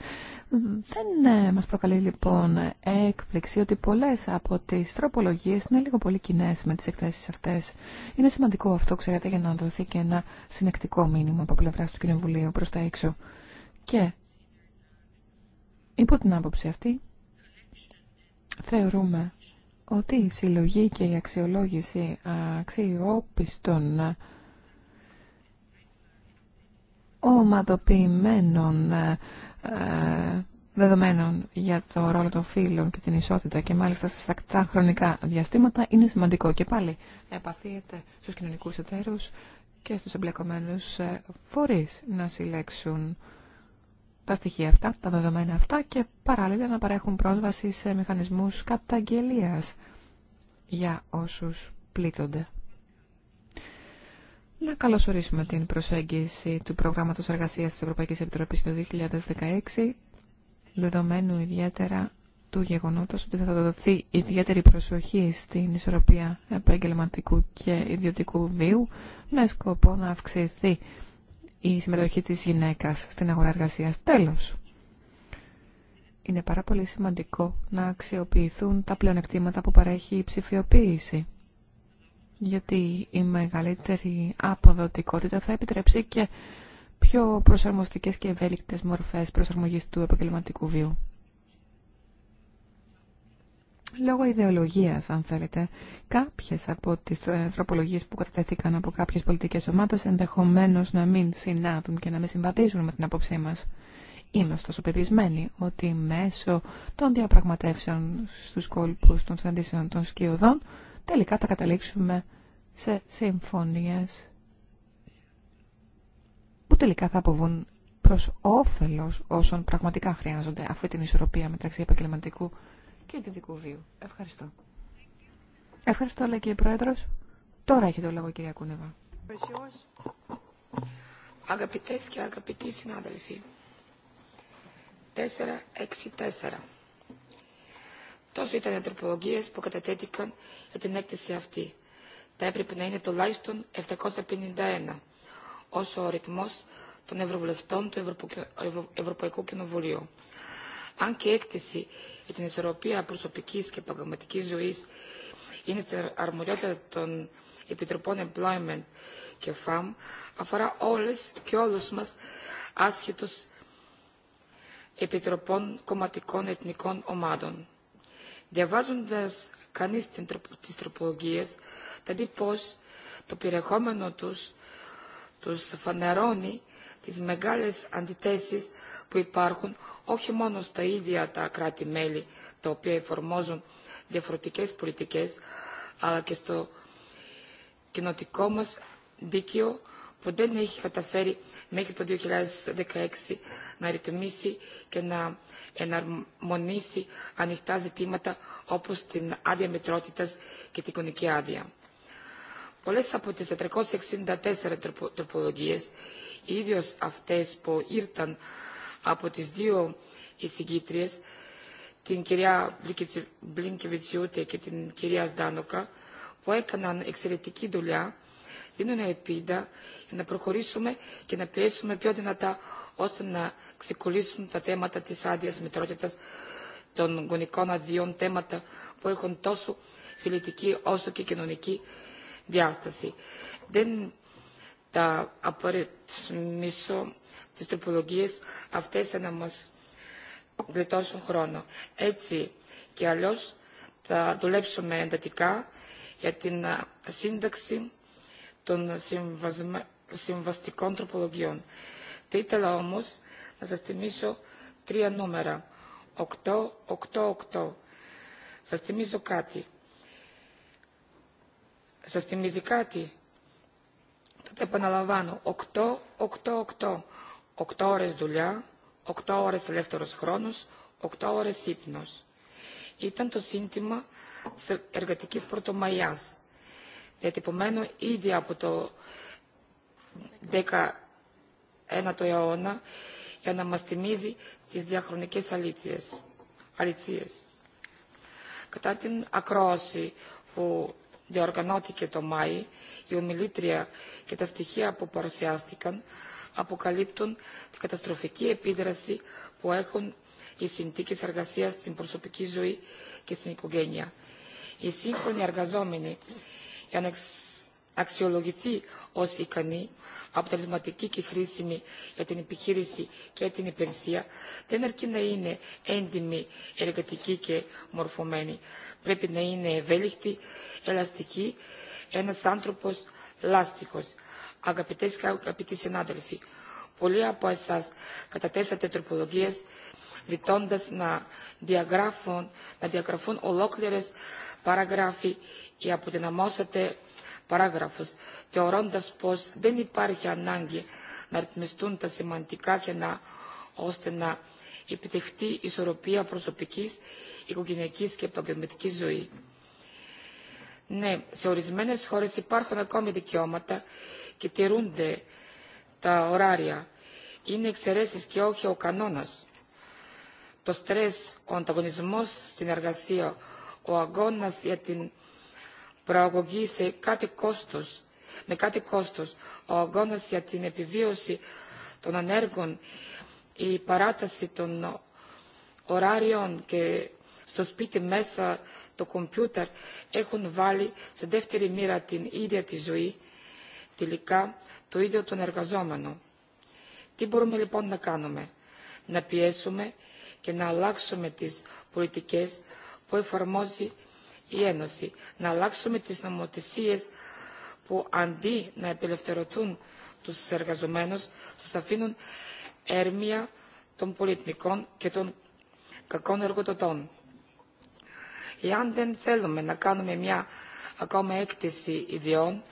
Δεν ε, μας προκαλεί λοιπόν έκπληξη ότι πολλές από τις τροπολογίες είναι λίγο πολύ κοινέ με τις εκθέσεις αυτές. Είναι σημαντικό αυτό, ξέρετε, για να δοθεί και ένα συνεκτικό μήνυμα από πλευράς του Κοινοβουλίου προς τα έξω. Και Υπό την άποψη αυτή, θεωρούμε ότι η συλλογή και η αξιολόγηση αξιόπιστων ε, ομαδοποιημένων ε, ε, δεδομένων για το ρόλο των φίλων και την ισότητα και μάλιστα σε τακτά χρονικά διαστήματα είναι σημαντικό και πάλι επαφίεται στους κοινωνικούς εταίρους και στους εμπλεκομένους φορείς να συλλέξουν τα στοιχεία αυτά, τα δεδομένα αυτά και παράλληλα να παρέχουν πρόσβαση σε μηχανισμούς καταγγελίας για όσους πλήττονται. Να καλωσορίσουμε την προσέγγιση του Προγράμματος Εργασίας της Ευρωπαϊκής Επιτροπής το 2016, δεδομένου ιδιαίτερα του γεγονότος ότι θα δοθεί ιδιαίτερη προσοχή στην ισορροπία επαγγελματικού και ιδιωτικού βίου, με σκοπό να αυξηθεί η συμμετοχή της γυναίκας στην αγορά εργασίας. Τέλος, είναι πάρα πολύ σημαντικό να αξιοποιηθούν τα πλεονεκτήματα που παρέχει η ψηφιοποίηση. Γιατί η μεγαλύτερη αποδοτικότητα θα επιτρέψει και πιο προσαρμοστικές και ευέλικτες μορφές προσαρμογής του επαγγελματικού βίου λόγω ιδεολογίας, αν θέλετε. Κάποιες από τις ε, τροπολογίες που κατατέθηκαν από κάποιες πολιτικές ομάδες ενδεχομένως να μην συνάδουν και να μην συμπατίζουν με την απόψή μας. Είμαι ωστόσο πεπισμένη ότι μέσω των διαπραγματεύσεων στους κόλπους των συναντήσεων των σκιωδών τελικά θα καταλήξουμε σε συμφωνίες που τελικά θα αποβούν προς όφελος όσων πραγματικά χρειάζονται αυτή την ισορροπία μεταξύ επαγγελματικού και δικού βίου. Ευχαριστώ. Ευχαριστώ, λέει και η Πρόεδρος. Τώρα έχει το λόγο, κυρία Κούνεβα. Αγαπητές και αγαπητοί συνάδελφοι, 4-6-4. Τόσο ήταν οι ανθρωπολογίε που κατατέθηκαν για την έκθεση αυτή. Θα έπρεπε να είναι τουλάχιστον 751, όσο ο ρυθμός των Ευρωβουλευτών του Ευρωπαϊκού Κοινοβουλίου. Αν και η έκθεση για την ισορροπία προσωπική και επαγγελματική ζωή, είναι στην αρμοδιότητα των Επιτροπών Employment και FAM αφορά όλες και όλους μας άσχετο επιτροπών κομματικών εθνικών ομάδων. διαβάζοντα κανεί τι τροπολογίε, θα δει πω το περιεχόμενο του τους φανερώνει τις μεγάλες αντιθέσεις που υπάρχουν όχι μόνο στα ίδια τα κράτη-μέλη τα οποία εφαρμόζουν διαφορετικές πολιτικές, αλλά και στο κοινοτικό μας δίκαιο που δεν έχει καταφέρει μέχρι το 2016 να ρυθμίσει και να εναρμονίσει ανοιχτά ζητήματα όπως την άδεια μητρότητας και την εικονική άδεια. Πολλές από τις 464 τροπολογίες, ίδιος αυτές που ήρθαν από τις δύο εισηγήτριες, την κυρία Μπλίνκεβιτσιούτε και την κυρία Σδάνοκα, που έκαναν εξαιρετική δουλειά, δίνουν ελπίδα για να προχωρήσουμε και να πιέσουμε πιο δυνατά ώστε να ξεκολλήσουν τα θέματα της άδεια μητρότητα, των γονικών αδειών, θέματα που έχουν τόσο φιλετική όσο και κοινωνική διάσταση. Δεν τα απορριθμίσω τις τροπολογίες αυτές να μας γλιτώσουν χρόνο. Έτσι και αλλιώς θα δουλέψουμε εντατικά για την σύνταξη των συμβαστικών τροπολογιών. Θα ήθελα όμως να σας θυμίσω τρία νούμερα. 8, 8, 8. Σας θυμίζω κάτι. Σας θυμίζει κάτι. Τότε επαναλαμβάνω. 8. Οκτώ ώρες δουλειά, οκτώ ώρες ελεύθερος χρόνος, οκτώ ώρες ύπνος. Ήταν το σύνθημα της εργατικής πρωτομαγιάς, διατυπωμένο ήδη από το 19ο αιώνα για να μας θυμίζει τις διαχρονικές αλήθειες. Κατά την ακρόαση που διοργανώθηκε το Μάη, η ομιλήτρια και τα στοιχεία που παρουσιάστηκαν αποκαλύπτουν την καταστροφική επίδραση που έχουν οι συνθήκες εργασίας στην προσωπική ζωή και στην οικογένεια. Οι σύγχρονοι εργαζόμενοι για να αξιολογηθεί ως ικανή, αποτελεσματική και χρήσιμη για την επιχείρηση και την υπηρεσία, δεν αρκεί να είναι έντιμοι, εργατικοί και μορφωμένοι. Πρέπει να είναι ευέλικτοι, ελαστικοί, ένα άνθρωπος λάστιχος, Αγαπητές και αγαπητοί συνάδελφοι, πολλοί από εσάς κατατέσατε τροπολογίες ζητώντας να διαγράφουν, να διαγραφούν ολόκληρες παραγράφοι ή αποδυναμώσατε παράγραφους, θεωρώντας πως δεν υπάρχει ανάγκη να ρυθμιστούν τα σημαντικά να ώστε να επιτευχθεί ισορροπία προσωπικής, οικογενειακής και επαγγελματικής ζωής. Ναι, σε ορισμένες χώρες υπάρχουν ακόμη δικαιώματα και τηρούνται τα ωράρια. Είναι εξαιρέσει και όχι ο κανόνα. Το στρες, ο ανταγωνισμό στην εργασία, ο αγώνα για την προαγωγή σε κάτι κόστο, με κάτι κόστο, ο αγώνα για την επιβίωση των ανέργων, η παράταση των ωράριων και στο σπίτι μέσα το κομπιούτερ έχουν βάλει σε δεύτερη μοίρα την ίδια τη ζωή τελικά το ίδιο τον εργαζόμενο. Τι μπορούμε λοιπόν να κάνουμε. Να πιέσουμε και να αλλάξουμε τις πολιτικές που εφαρμόζει η Ένωση. Να αλλάξουμε τις νομοθεσίες που αντί να επελευθερωθούν τους εργαζομένους, τους αφήνουν έρμια των πολιτικών και των κακών εργοδοτών. Εάν δεν θέλουμε να κάνουμε μια ακόμα έκτηση ιδιών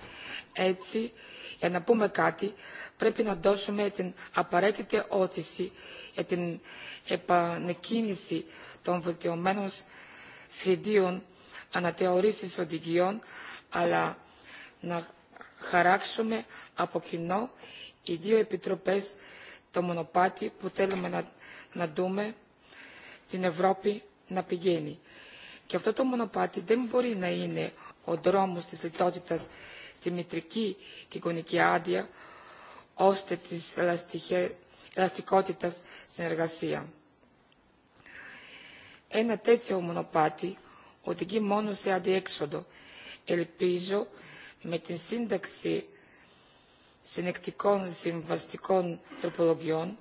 έτσι, για να πούμε κάτι, πρέπει να δώσουμε την απαραίτητη όθηση για την επανεκκίνηση των βελτιωμένων σχεδίων αναθεωρήσεις οδηγιών, αλλά να χαράξουμε από κοινό οι δύο επιτροπές το μονοπάτι που θέλουμε να, να δούμε την Ευρώπη να πηγαίνει. Και αυτό το μονοπάτι δεν μπορεί να είναι ο δρόμος της λιτότητας στη μητρική και εικονική άδεια, ώστε της ελαστικότητας συνεργασία. Ένα τέτοιο μονοπάτι οδηγεί μόνο σε αντίέξοδο. Ελπίζω με την σύνταξη συνεκτικών συμβαστικών τροπολογιών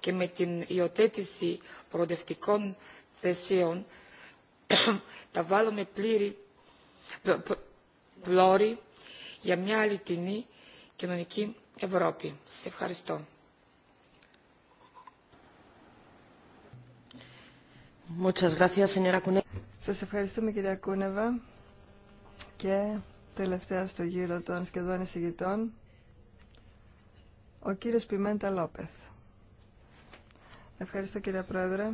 και με την υιοθέτηση προοδευτικών θεσίων θα βάλουμε πλήρη, πλώρη για μια αληθινή κοινωνική Ευρώπη. Σας ευχαριστώ. Σας ευχαριστούμε κυρία Κούνεβα και τελευταία στο γύρο των σχεδόν εισηγητών ο κύριος Πιμέντα Λόπεθ. Ευχαριστώ κύριε Πρόεδρε.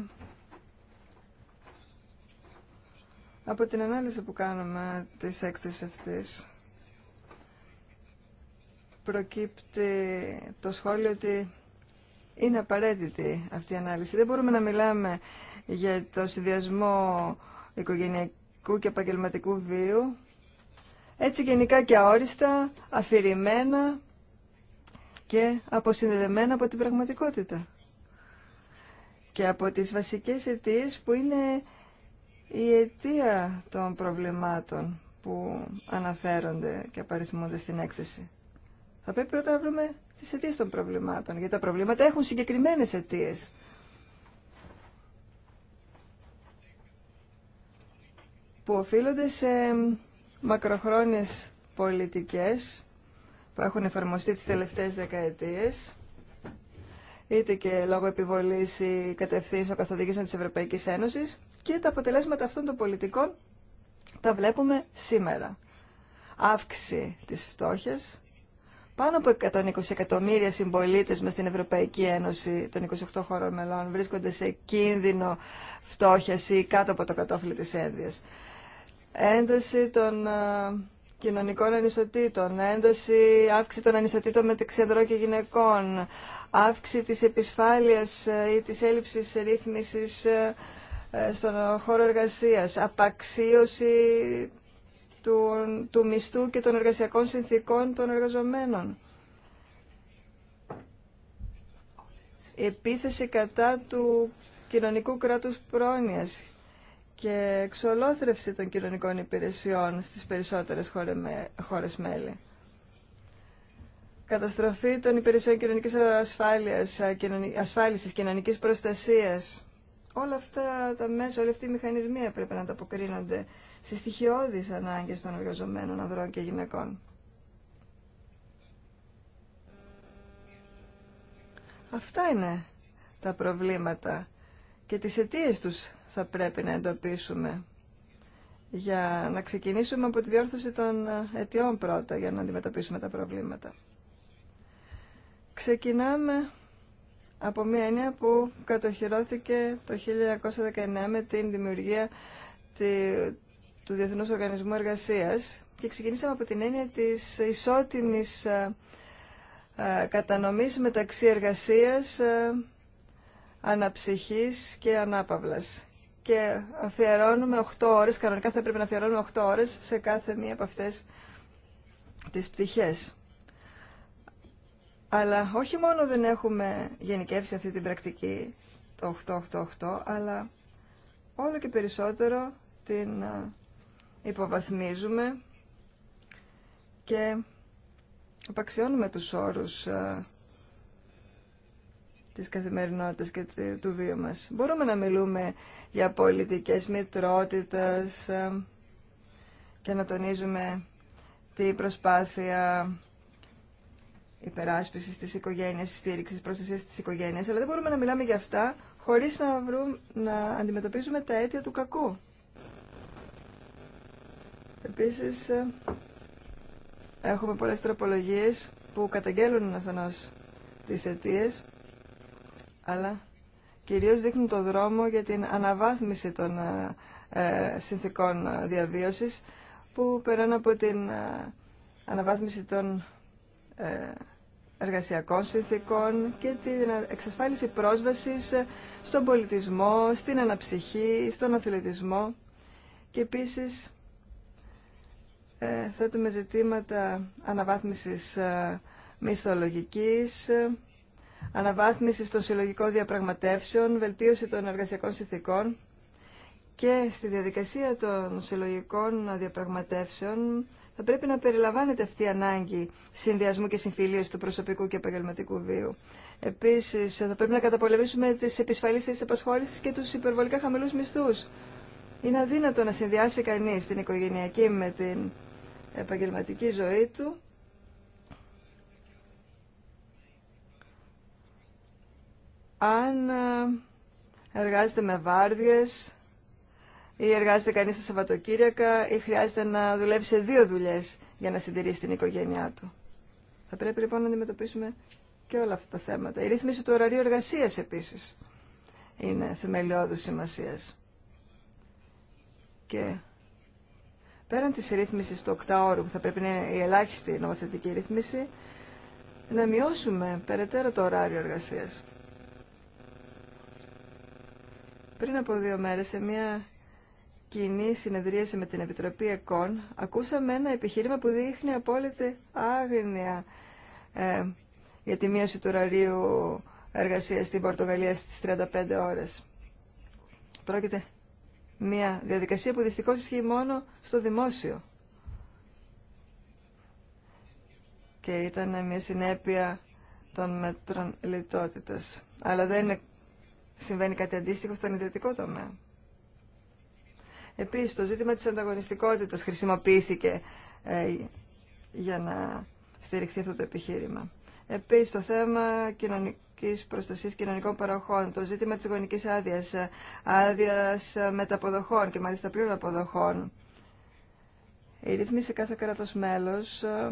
Από την ανάλυση που κάνουμε της έκθεσης αυτής προκύπτει το σχόλιο ότι είναι απαραίτητη αυτή η ανάλυση. Δεν μπορούμε να μιλάμε για το συνδυασμό οικογενειακού και επαγγελματικού βίου. Έτσι γενικά και αόριστα, αφηρημένα και αποσυνδεδεμένα από την πραγματικότητα. Και από τις βασικές αιτίες που είναι η αιτία των προβλημάτων που αναφέρονται και απαριθμούνται στην έκθεση. Θα πρέπει πρώτα να βρούμε τι αιτίε των προβλημάτων, γιατί τα προβλήματα έχουν συγκεκριμένε αιτίε. που οφείλονται σε μακροχρόνιες πολιτικές που έχουν εφαρμοστεί τις τελευταίες δεκαετίες είτε και λόγω επιβολής ή κατευθύνσεων καθοδήγησεων της Ευρωπαϊκής Ένωσης και τα αποτελέσματα αυτών των πολιτικών τα βλέπουμε σήμερα. Αύξηση της φτώχειας, πάνω από 120 εκατομμύρια συμπολίτε μα στην Ευρωπαϊκή Ένωση των 28 χωρών μελών βρίσκονται σε κίνδυνο φτώχεια ή κάτω από το κατόφλι τη ένδυα. Ένταση των κοινωνικών ανισοτήτων, ένταση αύξηση των ανισοτήτων μεταξύ ανδρών και γυναικών, αύξηση της επισφάλειας ή της έλλειψης ρύθμιση ε, στον χώρο εργασία, απαξίωση του, του μισθού και των εργασιακών συνθήκων των εργαζομένων. επίθεση κατά του κοινωνικού κράτους πρόνοιας και εξολόθρευση των κοινωνικών υπηρεσιών στις περισσότερες χώρες μέλη. Καταστροφή των υπηρεσιών κοινωνικής ασφάλειας, ασφάλισης, κοινωνικής προστασίας. Όλα αυτά τα μέσα, όλοι αυτοί οι μηχανισμοί πρέπει να τα αποκρίνονται στις στοιχειώδεις ανάγκες των εργαζομένων ανδρών και γυναικών. Αυτά είναι τα προβλήματα και τις αιτίε τους θα πρέπει να εντοπίσουμε για να ξεκινήσουμε από τη διόρθωση των αιτιών πρώτα για να αντιμετωπίσουμε τα προβλήματα. Ξεκινάμε από μια έννοια που κατοχυρώθηκε το 1919 με την δημιουργία του Διεθνούς Οργανισμού Εργασίας και ξεκινήσαμε από την έννοια της ισότιμης ε, ε, κατανομής μεταξύ εργασίας, ε, αναψυχής και ανάπαυλας. Και αφιερώνουμε 8 ώρες, κανονικά θα πρέπει να αφιερώνουμε 8 ώρες σε κάθε μία από αυτές τις πτυχές. Αλλά όχι μόνο δεν έχουμε γενικεύσει αυτή την πρακτική, το 8-8-8, 8 αλλά όλο και περισσότερο την υποβαθμίζουμε και απαξιώνουμε τους όρους ε, της καθημερινότητας και του βίου μας. Μπορούμε να μιλούμε για πολιτικές μητρότητας ε, και να τονίζουμε τη προσπάθεια υπεράσπισης της οικογένειας, στήριξης, προστασίας της οικογένειας, αλλά δεν μπορούμε να μιλάμε για αυτά χωρίς να, βρούμε, να αντιμετωπίζουμε τα αίτια του κακού. Επίσης, ε, έχουμε πολλές τροπολογίες που καταγγέλουν αφενός τις αιτίε, αλλά κυρίως δείχνουν το δρόμο για την αναβάθμιση των ε, ε, συνθήκων διαβίωσης που περνάνε από την αναβάθμιση των εργασιακών συνθήκων και την εξασφάλιση πρόσβασης στον πολιτισμό, στην αναψυχή, στον αθλητισμό και επίσης ε, θέτουμε ζητήματα αναβάθμισης ε, μισθολογικής, ε, αναβάθμισης των συλλογικών διαπραγματεύσεων, βελτίωση των εργασιακών συνθήκων και στη διαδικασία των συλλογικών διαπραγματεύσεων θα πρέπει να περιλαμβάνεται αυτή η ανάγκη συνδυασμού και συμφιλίωση του προσωπικού και επαγγελματικού βίου. Επίση, θα πρέπει να καταπολεμήσουμε τι επισφαλεί θέσει απασχόληση και του υπερβολικά χαμηλού μισθού. Είναι αδύνατο να συνδυάσει κανεί την οικογενειακή με την επαγγελματική ζωή του αν ε, εργάζεται με βάρδιες ή εργάζεται κανείς τα Σαββατοκύριακα ή χρειάζεται να δουλεύει σε δύο δουλειές για να συντηρήσει την οικογένειά του. Θα πρέπει λοιπόν να αντιμετωπίσουμε και όλα αυτά τα θέματα. Η ρύθμιση του ωραρίου εργασίας επίσης είναι θεμελιώδους σημασίας. Και πέραν της ρύθμισης του οκτάωρου που θα πρέπει να είναι η ελάχιστη νομοθετική ρύθμιση, να μειώσουμε περαιτέρω το ωράριο εργασίας. Πριν από δύο μέρες, σε μια κοινή συνεδρίαση με την Επιτροπή ΕΚΟΝ, ακούσαμε ένα επιχείρημα που δείχνει απόλυτη άγνοια ε, για τη μείωση του ωραρίου εργασίας στην Πορτογαλία στις 35 ώρες. Πρόκειται μια διαδικασία που δυστυχώς ισχύει μόνο στο δημόσιο. Και ήταν μια συνέπεια των μέτρων λιτότητας. Αλλά δεν συμβαίνει κάτι αντίστοιχο στον ιδιωτικό τομέα. Επίσης, το ζήτημα της ανταγωνιστικότητας χρησιμοποιήθηκε ε, για να στηριχθεί αυτό το επιχείρημα. Επίσης, το θέμα κοινωνικ και προστασία κοινωνικών παροχών, το ζήτημα τη γονική άδεια, άδεια, μεταποδοχών και μάλιστα πλήρων αποδοχών. Η ρύθμιση κάθε κράτο μέλο ε,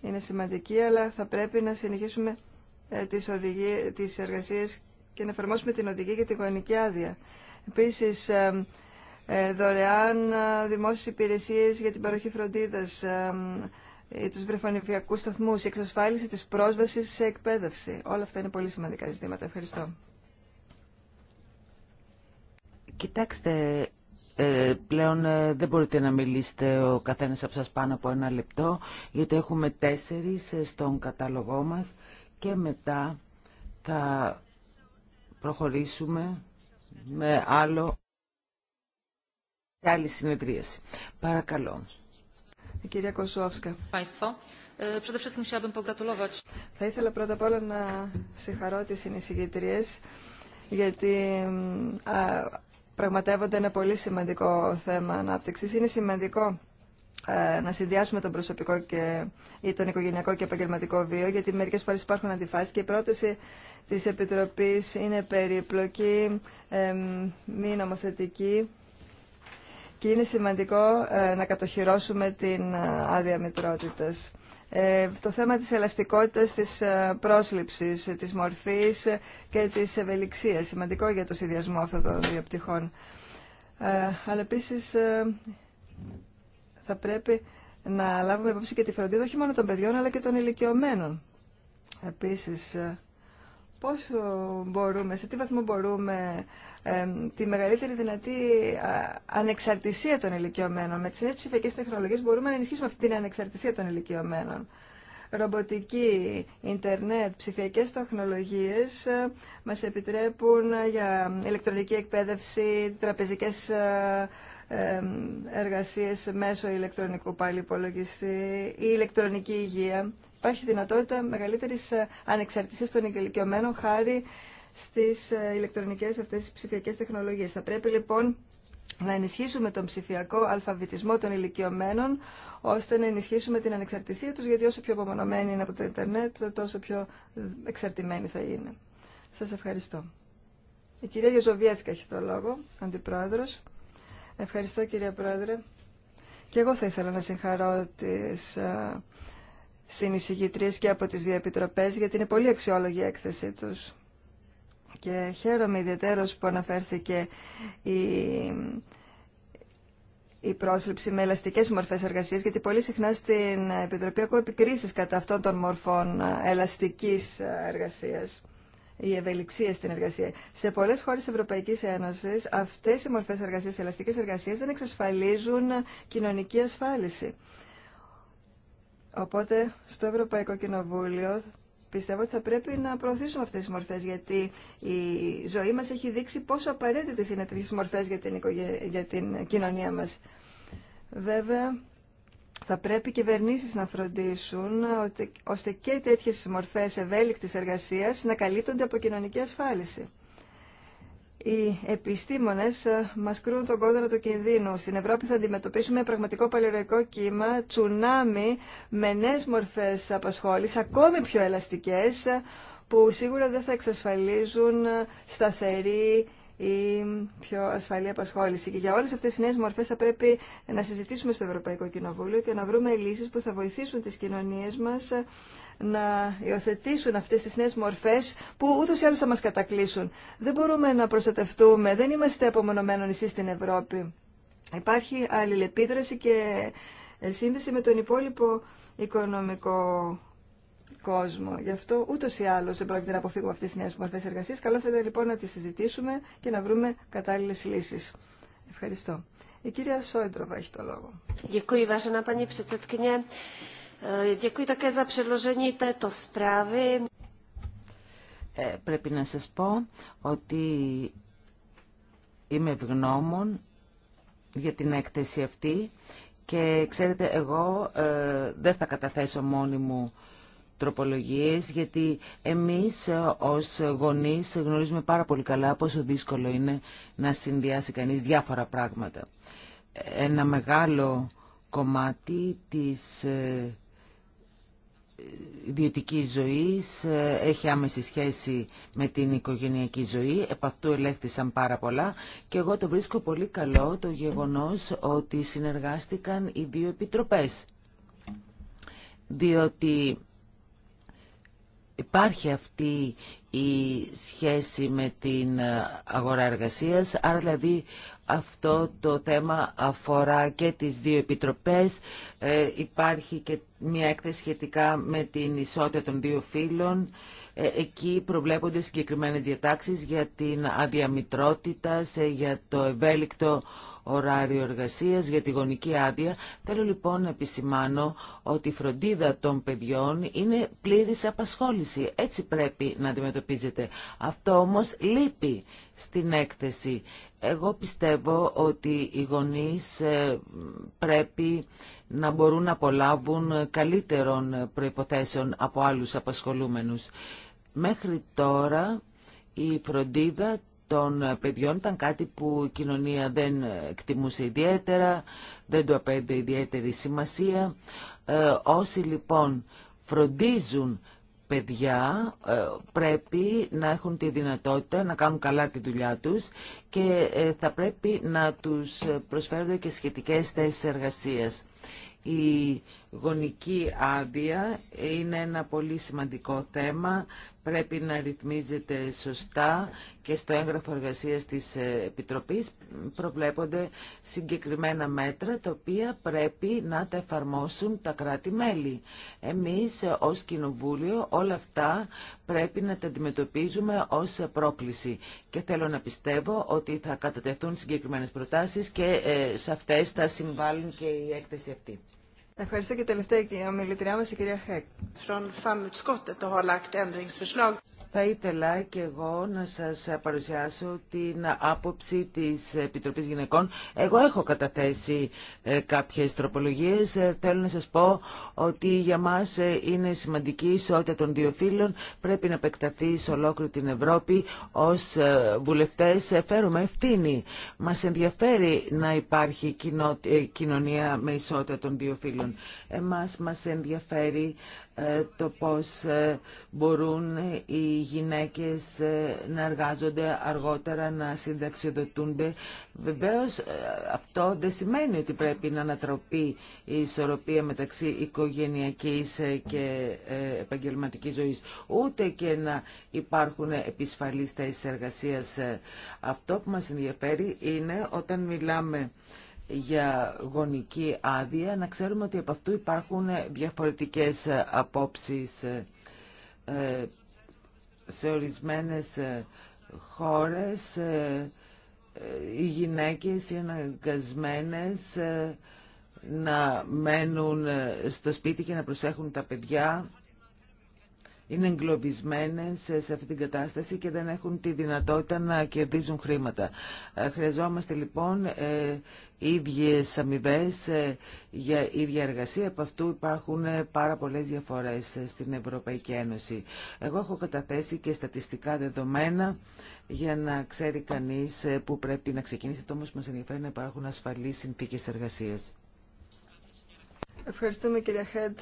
είναι σημαντική, αλλά θα πρέπει να συνεχίσουμε ε, τι οδηγίες, τις εργασίες και να εφαρμόσουμε την οδηγία για τη γονική άδεια. Επίση, ε, δωρεάν δημόσιε υπηρεσίε για την παροχή φροντίδα. Ε, τους σταθμού, σταθμους η εξασφαλιση της πρόσβασης σε εκπαίδευση. Όλα αυτά είναι πολύ σημαντικά ζητήματα. Ευχαριστώ. Κοιτάξτε, ε, πλέον ε, δεν μπορείτε να μιλήσετε ο καθένας από σας πάνω από ένα λεπτό, γιατί έχουμε τέσσερις στον κατάλογό μας και μετά θα προχωρήσουμε με άλλο άλλη συνεδρίαση. Παρακαλώ. Η κυρία Κοσουόφσκα. Ε, Θα ήθελα πρώτα απ' όλα να συγχαρώ τις συνεισηγητρίες γιατί α, πραγματεύονται ένα πολύ σημαντικό θέμα ανάπτυξης. Είναι σημαντικό ε, να συνδυάσουμε τον προσωπικό και, ή τον οικογενειακό και επαγγελματικό βίο γιατί μερικές φορές υπάρχουν αντιφάσεις και η πρόταση της Επιτροπής είναι περίπλοκη, ε, μη νομοθετική είναι σημαντικό ε, να κατοχυρώσουμε την ε, άδεια μητρότητας. Ε, το θέμα της ελαστικότητας, της πρόσληψης, της μορφής και της ευελιξίας. Σημαντικό για το συνδυασμό αυτών των δύο πτυχών. Αλλά επίσης θα πρέπει να λάβουμε υπόψη και τη φροντίδα όχι μόνο των παιδιών αλλά και των ηλικιωμένων. Επίσης, πόσο μπορούμε, σε τι βαθμό μπορούμε τη μεγαλύτερη δυνατή ανεξαρτησία των ηλικιωμένων. Με τις νέες ψηφιακές τεχνολογίες μπορούμε να ενισχύσουμε αυτή την ανεξαρτησία των ηλικιωμένων. Ρομποτική, ιντερνετ, ψηφιακές τεχνολογίες ε, μας επιτρέπουν για ηλεκτρονική εκπαίδευση, τραπεζικές ε, εργασίες μέσω ηλεκτρονικού πάλι υπολογιστή, η ηλεκτρονική υγεία. Υπάρχει δυνατότητα μεγαλύτερης ε, ανεξαρτησίας των ηλικιωμένων χάρη στις ε, ηλεκτρονικές αυτές τις ψηφιακές τεχνολογίες. Θα πρέπει λοιπόν να ενισχύσουμε τον ψηφιακό αλφαβητισμό των ηλικιωμένων, ώστε να ενισχύσουμε την ανεξαρτησία τους, γιατί όσο πιο απομονωμένοι είναι από το Ιντερνετ, τόσο πιο εξαρτημένοι θα είναι. Σας ευχαριστώ. Η κυρία Γεζοβιέσκα έχει το λόγο, Αντιπρόεδρος. Ευχαριστώ κυρία Πρόεδρε. Και εγώ θα ήθελα να συγχαρώ τις ε, συνεισηγητρίες και από τις δύο γιατί είναι πολύ αξιόλογη η έκθεσή τους και χαίρομαι ιδιαίτερως που αναφέρθηκε η, η πρόσληψη με ελαστικέ μορφέ εργασία, γιατί πολύ συχνά στην Επιτροπή ακούω επικρίσει κατά αυτών των μορφών ελαστική εργασία η ευελιξία στην εργασία. Σε πολλέ χώρε Ευρωπαϊκή Ένωση, αυτέ οι μορφέ εργασία, οι ελαστικέ εργασίε, δεν εξασφαλίζουν κοινωνική ασφάλιση. Οπότε, στο Ευρωπαϊκό Κοινοβούλιο πιστεύω ότι θα πρέπει να προωθήσουμε αυτές τις μορφές, γιατί η ζωή μας έχει δείξει πόσο απαραίτητε είναι τέτοιες μορφές για την, για την κοινωνία μας. Βέβαια, θα πρέπει οι κυβερνήσεις να φροντίσουν ώστε και τέτοιες μορφές ευέλικτης εργασίας να καλύπτονται από κοινωνική ασφάλιση οι επιστήμονες ε, μας κρούν τον κόδωνα του κινδύνου. Στην Ευρώπη θα αντιμετωπίσουμε πραγματικό παλαιροϊκό κύμα, τσουνάμι με νέες μορφές απασχόλησης, ακόμη πιο ελαστικές, που σίγουρα δεν θα εξασφαλίζουν σταθερή ή πιο ασφαλή απασχόληση. Και για όλες αυτές τις νέες μορφές θα πρέπει να συζητήσουμε στο Ευρωπαϊκό Κοινοβούλιο και να βρούμε λύσεις που θα βοηθήσουν τις κοινωνίες μας να υιοθετήσουν αυτές τις νέες μορφές που ούτως ή άλλως θα μας κατακλείσουν. Δεν μπορούμε να προστατευτούμε, δεν είμαστε απομονωμένο εσεί στην Ευρώπη. Υπάρχει αλληλεπίδραση και σύνδεση με τον υπόλοιπο οικονομικό κόσμο. Γι' αυτό ούτω ή άλλω δεν πρόκειται να αποφύγουμε αυτέ τι νέε μορφέ εργασία. Καλό θα ήταν λοιπόν να τι συζητήσουμε και να βρούμε κατάλληλε λύσει. Ευχαριστώ. Η κυρία Σόιντροβα έχει το λόγο. Ε, ε, πρέπει να σας πω ότι είμαι ευγνώμων για την έκθεση αυτή και ξέρετε εγώ ε, δεν θα καταθέσω μόνη μου τροπολογίες γιατί εμείς ε, ως γονείς γνωρίζουμε πάρα πολύ καλά πόσο δύσκολο είναι να συνδυάσει κανείς διάφορα πράγματα. Ένα μεγάλο κομμάτι της ε, ιδιωτική ζωής ε, έχει άμεση σχέση με την οικογενειακή ζωή. Επ' αυτού ελέγχθησαν πάρα πολλά και εγώ το βρίσκω πολύ καλό το γεγονός ότι συνεργάστηκαν οι δύο επιτροπές. Διότι Υπάρχει αυτή η σχέση με την ε, αγορά εργασίας, άρα δηλαδή αυτό το θέμα αφορά και τις δύο επιτροπές. Ε, υπάρχει και μια έκθεση σχετικά με την ισότητα των δύο φύλων. Ε, εκεί προβλέπονται συγκεκριμένες διατάξεις για την αδιαμητρότητα, για το ευέλικτο ωράριο εργασία για τη γονική άδεια. Θέλω λοιπόν να επισημάνω ότι η φροντίδα των παιδιών είναι πλήρη απασχόληση. Έτσι πρέπει να αντιμετωπίζεται. Αυτό όμω λείπει στην έκθεση. Εγώ πιστεύω ότι οι γονείς ε, πρέπει να μπορούν να απολάβουν καλύτερων προϋποθέσεων από άλλους απασχολούμενους. Μέχρι τώρα η φροντίδα των παιδιών ήταν κάτι που η κοινωνία δεν εκτιμούσε ιδιαίτερα, δεν του απέντε ιδιαίτερη σημασία. Ε, όσοι λοιπόν φροντίζουν παιδιά ε, πρέπει να έχουν τη δυνατότητα να κάνουν καλά τη δουλειά τους και ε, θα πρέπει να τους προσφέρουν και σχετικές θέσεις εργασίας γονική άδεια είναι ένα πολύ σημαντικό θέμα. Πρέπει να ρυθμίζεται σωστά και στο έγγραφο εργασίας της ε, Επιτροπής προβλέπονται συγκεκριμένα μέτρα τα οποία πρέπει να τα εφαρμόσουν τα κράτη-μέλη. Εμείς ως Κοινοβούλιο όλα αυτά πρέπει να τα αντιμετωπίζουμε ως πρόκληση και θέλω να πιστεύω ότι θα κατατεθούν συγκεκριμένες προτάσεις και ε, σε αυτές θα συμβάλλουν και η έκθεση αυτή. Ευχαριστώ και τελευταία η ομιλητριά μας, η κυρία Χέκ. Θα ήθελα και εγώ να σας παρουσιάσω την άποψη της Επιτροπής Γυναικών. Εγώ έχω καταθέσει ε, κάποιες τροπολογίες. Ε, θέλω να σας πω ότι για μας ε, είναι σημαντική η ισότητα των δύο φίλων. Πρέπει να επεκταθεί σε ολόκληρη την Ευρώπη. Ως βουλευτές φέρουμε ευθύνη. Μας ενδιαφέρει να υπάρχει κοινωνία με ισότητα των δύο φύλων. Εμάς μας ενδιαφέρει ε, το πώς ε, μπορούν οι γυναίκες ε, να εργάζονται αργότερα, να συνταξιοδοτούνται. Βεβαίως αυτό δεν σημαίνει ότι πρέπει να ανατροπεί η ισορροπία μεταξύ οικογενειακής και επαγγελματικής ζωής, ούτε και να υπάρχουν επισφαλείς θέσεις εργασίας. Αυτό που μας ενδιαφέρει είναι όταν μιλάμε για γονική άδεια, να ξέρουμε ότι από αυτού υπάρχουν διαφορετικές απόψεις ε, σε ορισμένες ε, χώρες. Ε, οι γυναίκες είναι αναγκασμένες να μένουν στο σπίτι και να προσέχουν τα παιδιά είναι εγκλωβισμένες σε αυτή την κατάσταση και δεν έχουν τη δυνατότητα να κερδίζουν χρήματα. Ε, χρειαζόμαστε λοιπόν ε, ίδιες αμοιβέ ε, για ίδια εργασία. Από αυτού υπάρχουν πάρα πολλές διαφορές στην Ευρωπαϊκή Ένωση. Εγώ έχω καταθέσει και στατιστικά δεδομένα για να ξέρει κανείς που πρέπει να ξεκινήσει. Το όμως μας ενδιαφέρει να υπάρχουν ασφαλείς συνθήκες εργασίας. Ευχαριστούμε κυρία Χέντ.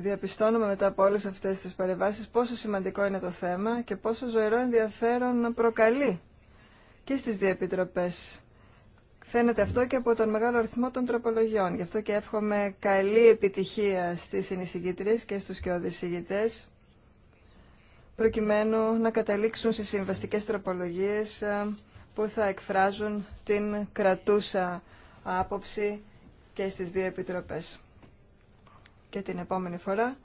διαπιστώνουμε μετά από όλες αυτές τις παρεμβάσεις πόσο σημαντικό είναι το θέμα και πόσο ζωηρό ενδιαφέρον προκαλεί και στις δύο επιτροπές. Φαίνεται αυτό και από τον μεγάλο αριθμό των τροπολογιών. Γι' αυτό και εύχομαι καλή επιτυχία στις συνεισηγητρίες και στους και οδησηγητές προκειμένου να καταλήξουν σε συμβαστικές τροπολογίες ε, που θα εκφράζουν την κρατούσα άποψη και στις δύο επιτροπές και την επόμενη φορά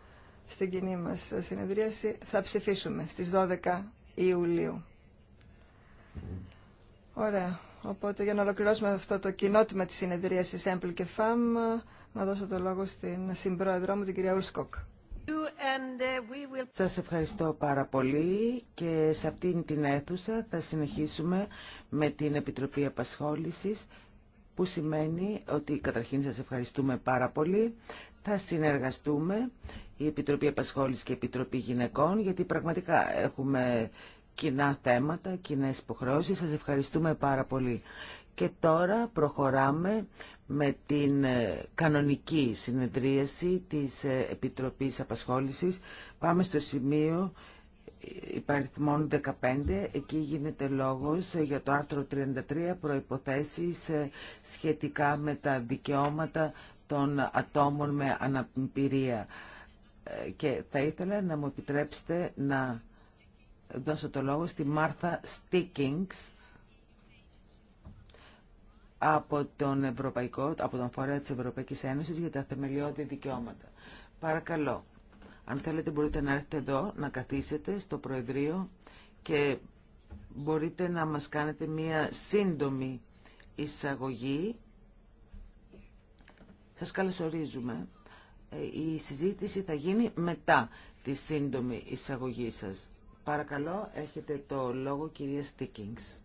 στην κοινή μας συνεδρίαση θα ψηφίσουμε στις 12 Ιουλίου. Ωραία. Οπότε για να ολοκληρώσουμε αυτό το κοινότημα της συνεδρίασης Apple και ΦΑΜ να δώσω το λόγο στην συμπρόεδρό μου την κυρία Ουλσκοκ. Uh, σας ευχαριστώ πάρα πολύ και σε αυτήν την αίθουσα θα συνεχίσουμε με την Επιτροπή Απασχόλησης που σημαίνει ότι καταρχήν σας ευχαριστούμε πάρα πολύ θα συνεργαστούμε η Επιτροπή Απασχόλησης και η Επιτροπή Γυναικών γιατί πραγματικά έχουμε κοινά θέματα, κοινέ υποχρεώσει. Σας ευχαριστούμε πάρα πολύ. Και τώρα προχωράμε με την ε, κανονική συνεδρίαση της ε, Επιτροπής Απασχόλησης. Πάμε στο σημείο ε, υπαριθμών 15. Εκεί γίνεται λόγος για το άρθρο 33 προϋποθέσεις σχετικά με τα δικαιώματα των ατόμων με αναπηρία. Ε, και θα ήθελα να μου επιτρέψετε να δώσω το λόγο στη Μάρθα Στίκινγκς από τον, Ευρωπαϊκό, από τον Φορέα της Ευρωπαϊκής Ένωσης για τα θεμελιώδη δικαιώματα. Παρακαλώ, αν θέλετε μπορείτε να έρθετε εδώ, να καθίσετε στο Προεδρείο και μπορείτε να μας κάνετε μία σύντομη εισαγωγή σας καλωσορίζουμε. Ε, η συζήτηση θα γίνει μετά τη σύντομη εισαγωγή σας. Παρακαλώ, έχετε το λόγο κυρία Στίκινγκς.